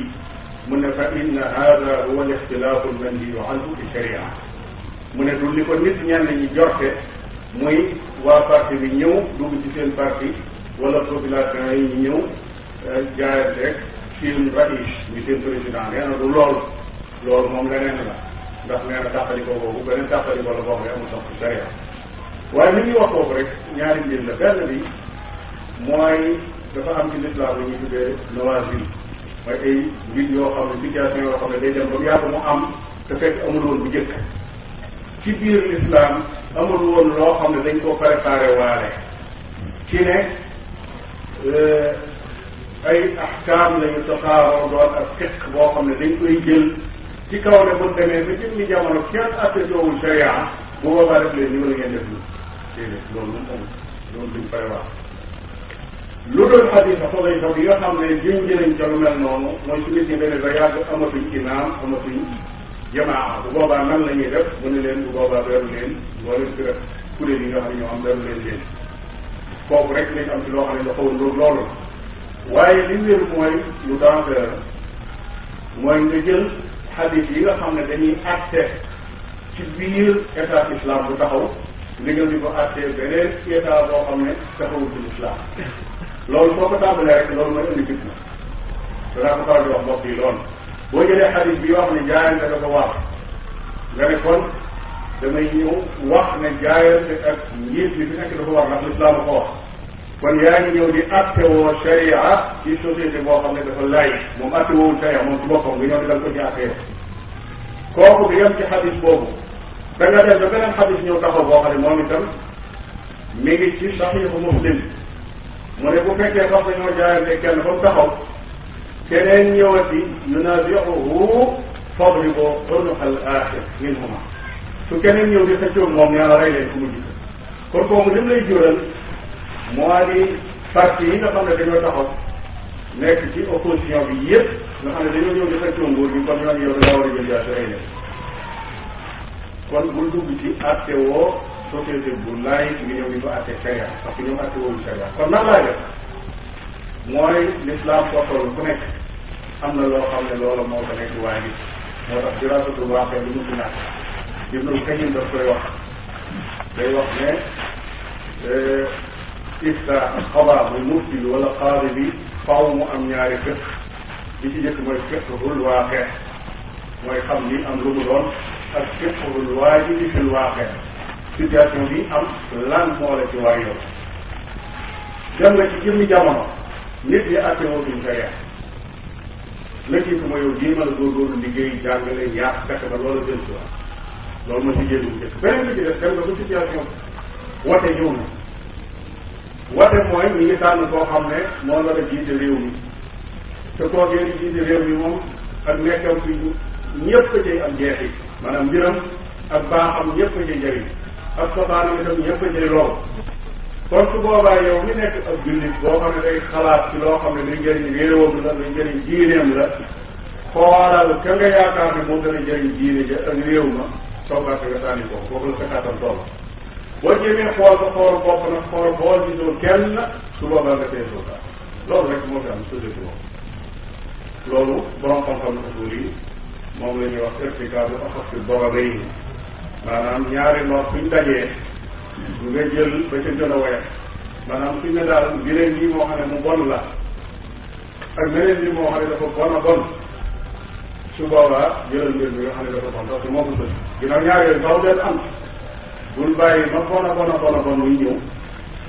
mu ne fa inna hada huwa lixtilaafu lmanhiyu anhu fi sharia mu ne du li ko nit ñenn ñi jorte muy waa parti bi ñëw dugg ci seen parti wala population yi euh, ñu ñëw jaayanteeg seen rais ñu seen président nee na du loolu loolu moom leneen la ndax nee na tàqalikoo boobu beneen tàqalikoo la boo xam ne amul sax sharia waaye li ñuy wax foofu ñaari mbir la benn mooy dafa am ci lislaam lu ñuy tuddee nawazil mooy ay mbir yoo xam ne situation yoo xam ne am te fekk amul woon bu jëkk ci biir lislaam loo xam ne dañ ko préparé waale ci Euh, ay ahkaam la ñu tasaaroo doon ak fiq boo xam ne dañ koy jël ci kaw ne bu demee ba jëm ni jamono kenn attetoowul sharia bu boobaa def leen ni ma la ngeen def nii déedéet loolu moom amul loolu duñ prévoir lu doon xadis a solay sax yi nga xam ne liñ jëriñ ca lu mel noonu mooy su nit ñi demee ba yàgg amatuñ imaam amatuñ jamaa bu boobaa nan la ñuy def mu ne leen bu boobaa beru leen wala si rek kuréel yi nga xam ne ñoo am beru leen leen foofu rek lañ am ci loo xam ne dafa woon loolu la waaye li wér mooy lu dangereux mooy nga jël xadis yi nga xam ne dañuy àtte ci biir état islam bu taxaw li nga di ko àtte beneen état boo xam ne taxawul ci islam loolu soo ko tàmbalee rek loolu mooy indi fitna danaa ko faral di wax mbokk yi loolu boo jëlee xadis bi yoo xam ne jaayante dafa waax nga ne kon damay ñëw wax ne jaayante ak njiit bi fi nekk dafa war ndax lislaam ko wax kon yaa ngi ñëw di atte woo sharia ci société boo xam ne dafa lay moom atte woowul sharia moom ci boppam nga ñëw di dal ko ci atte kooku bi yem ci xadis boobu da nga dem ba beneen xadis ñëw taxaw boo xam ne moom itam mi ngi ci saxiixu muslim mu ne bu fekkee sax dañoo jaayante kenn ba mu taxaw keneen ñëwati yunaziuhu fadribu unuqal axir minhuma su keneen ñëw di xëccoog moom yàlla rey leen ku mujj ko kon kooku lim lay jural moo di parti yi nga xam ne dañoo taxaw nekk ci opposition bi yépp nga xam ne dañoo ñëw di xëccoo nguur bi comme nag a jël yaa sa kon bul dugg ci atte woo société bu laay ngi ñëw di ko atte sharia parce que ñoom atte woowu sharia kon nan laa def mooy l'islam portol ku nekk am na loo xam ne loolu moo ko nekk waaye nit moo tax diraasatul waaqi lu mu ci naan Ibnul Qayyim daf koy wax day wax ne euh, istaa ak xabaa muy mufti wala xaari bi faaw mu am ñaari fiq bi ci jëkk mooy fiqhul waaqe mooy xam li am lu mu doon ak fiqhul waajibi fil waaqe situation bi am lan moo la ci war yow dem nga ci jëmmi jamono nit ñi attewoo duñ ko yeex la jiitu ma yow jéemal góorgóorlu liggéey jàngale yaax fexe ba loola jël si waat loolu ma liggéey bu njëkk beneen bi ci def dem nga ba situation wote ñëw woote mooy ñi ngi tànn koo xam ne moo war a jiite réew mi te kooku yéen jiite réew mi moom ak nekkam fi ñëpp a cay am jeexi maanaam mbiram ak baaxam ñëpp a cay jëriñ ak soxaanam itam ñëpp a cay lool kon su boobaa yow mi nekk ab jullit boo xam ne day xalaat ci loo xam ne day jëriñ réewam la day jëriñ diineem la xoolal ka nga yaakaar ne moo gën a jëriñ diine ja ak réew ma soo bàtt nga sànni ko foofu la sa kàttan toll boo jëmee xool sa xooru bopp nag xool boo gisoo kenn su boobaa nga tey soo loolu moo fi am société boobu loolu borom xam-xam usul moom la ñuy wax irtikaabu axafi dararayn maanaam ñaari noor suñ dajee nga jël ba ca gën a woyof maanaam suñ ne daal beneen yi moo xam ne mu bon la ak beneen yi moo xam ne dafa bon a bon su boobaa jëlal mbir mi nga xam ne dafa bon parce que moo ko gën ginnaaw ñaari yooyu daw leen am bul bàyyi ba bon a bon a bon a bon muy ñëw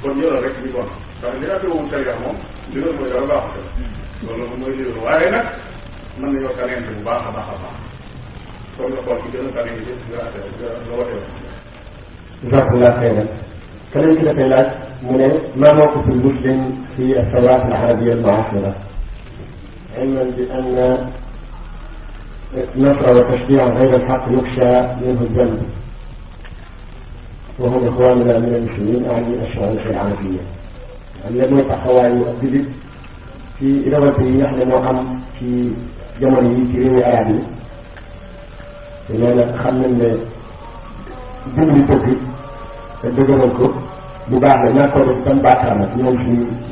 kon jëlal rek di bon parce que li ate wowu sariya moom li loolu mooy dara baaxu te loolu moom mooy liloolu waaye nag mën na yoo kanente bu baax a baax a baax kon nga xool ki gën a kanente jëf nga ate nga watee jazakumullah xeyran keneen ki dafay laaj mu ne maa mawqifu muslim fi as-sawat al-arabiyya al-mu'asira علما بأن نصر وتشجيع غير الحق يخشى منه الذنب وهم إخواننا من المسلمين وعن الأشغال العربية lan mooy taxawaayu ak jullit ci révolte yi nga xam ne moo am ci jamono yi ci te loolu nag xam nañ ne dimbali dëkk te dëgëral ko la ñaa ko def tam baaxaar nag ñoom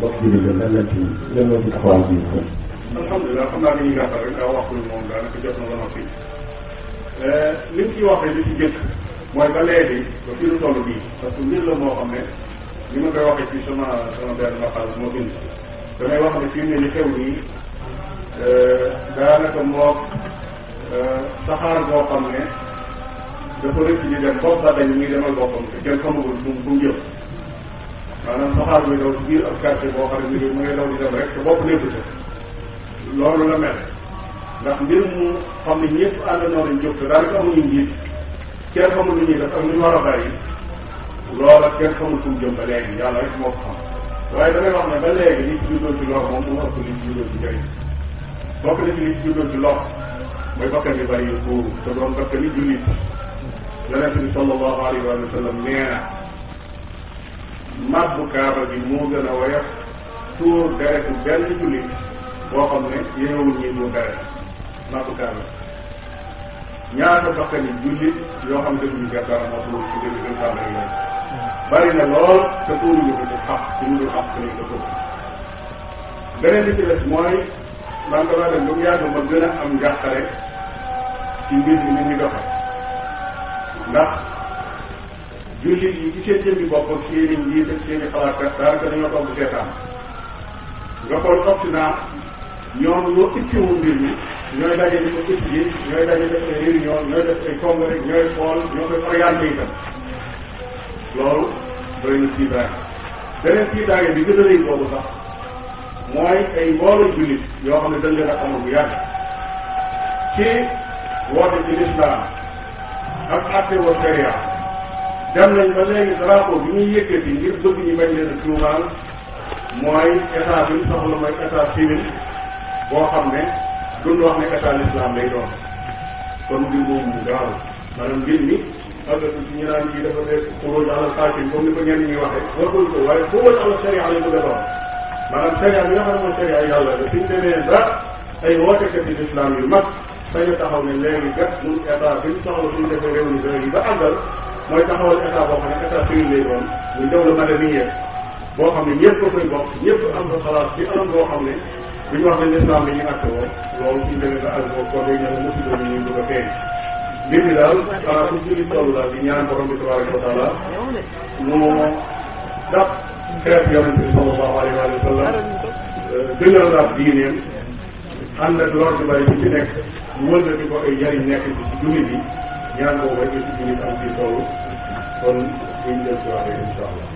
la lan la ci lan bi kon na ba noppi li mu mooy ba léegi ba fi nu toll bii parce que mbir la moo xam ne li ma koy waxee ci sama sama benn maqal moo bind damay wax ne fii ne li xew nii euh, daanaka moo euh, saxaar boo xam ne dafa rëcc di dem bopp ba dañ muy demal boppam te kenn xamagul fu mu fu mu jëm maanaam saxaar bi daw ci biir ak quartier boo xam ne mu ngay daw di dem rek te bopp nekku ca loolu la mel ndax mbir mu xam ne ñëpp ànd noonu jóg te daanaka amuñu kenn xamul lu ñuy def ak lu ñu war a loola kenn mu jëm ba léegi yàlla rek moo ko xam waaye damay wax ba léegi li ci juddoo ci lor moom mu ëpp li ci juddoo ci njëriñ bokk na ci li ci juddoo ci lor mooy bakkan bi bari buuru te doon bakkan yi jullit yonente bi sallallahu alayhi wa sallam nee na mabbu kaaba bi moo gën a woyof tuur deretu benn jullit boo xam ne yéewul ñi tuur deret mabbu kaaba ñaata bakkani jullit yoo xam ne duñu def dara moo tudd ci dëgg dëgg saa rek lañ bari na lool te tuuruñu ko ci xam ci ñu dul xam que ko tudd beneen bi ci des mooy man damaa ma gën a am njàqare ci mbir mi ni ñu doxal ndax jullit yi ci seen jëmmi bopp ak seen i njiit ak seen i xalaat daanaka dañoo toog seetaan nga xool occident ñoom ñoo itteewu mbir mi ñooy daje di ko étudier ñooy daje def ay réunion ñooy def ay congrès ñooy xool ñoo koy orienté itam loolu doy na sii daage beneen sii daage bi gën a rëy boobu sax mooy ay mbooloo jullit yoo xam ne dañ leen a na bu yàgg ci woote ci lislaam ak atte wa sharia dem nañ ba léegi drapeau bi ñuy yëkkati ngir bëgg ñu bañ leen a tuumaal mooy état bi ñu soxla mooy état civil boo xam ne duñ wax ne état l'islam lay doon kon mbir moomu mu gaaw maanaam mbir mi àggatu ci ñu naan kii dafa nekk xuróoj ala xaakim comme ni ko ñenn ñi waxee warul ko waaye xuróoj ala sharia lay bëgg a doon maanaam sharia bi nga xam ne mooy sharia yàlla la suñ demee ba ay wootekat yi l'islam yu mag sañu taxaw ne léegi gat ñun état bi ñu soxla suñu defee réunion yi ba àggal mooy taxawal état boo xam ne état civil lay doon muy dawla madaniyya boo xam ne ñëpp a koy bokk ñëpp bu ñu wax ne lislaam bi ñu àtte woon loolu ci demee ba àgg ko koo day ñëw mosu doon ñu bëgg a feeñ mi daal xanaa ku julli toll daal di ñaan borom bi tabaraka wa taala mu dab xeet yonent bi sallallahu alayhi wa sallam dëgëral euh, daal diineem ànd ak lor bi bari bi ci nekk wëlbati ko ay jariñ nekk ci ci julli bi ñaan boobu rek la ci julli am ci toll kon buñ dellusiwaatee incha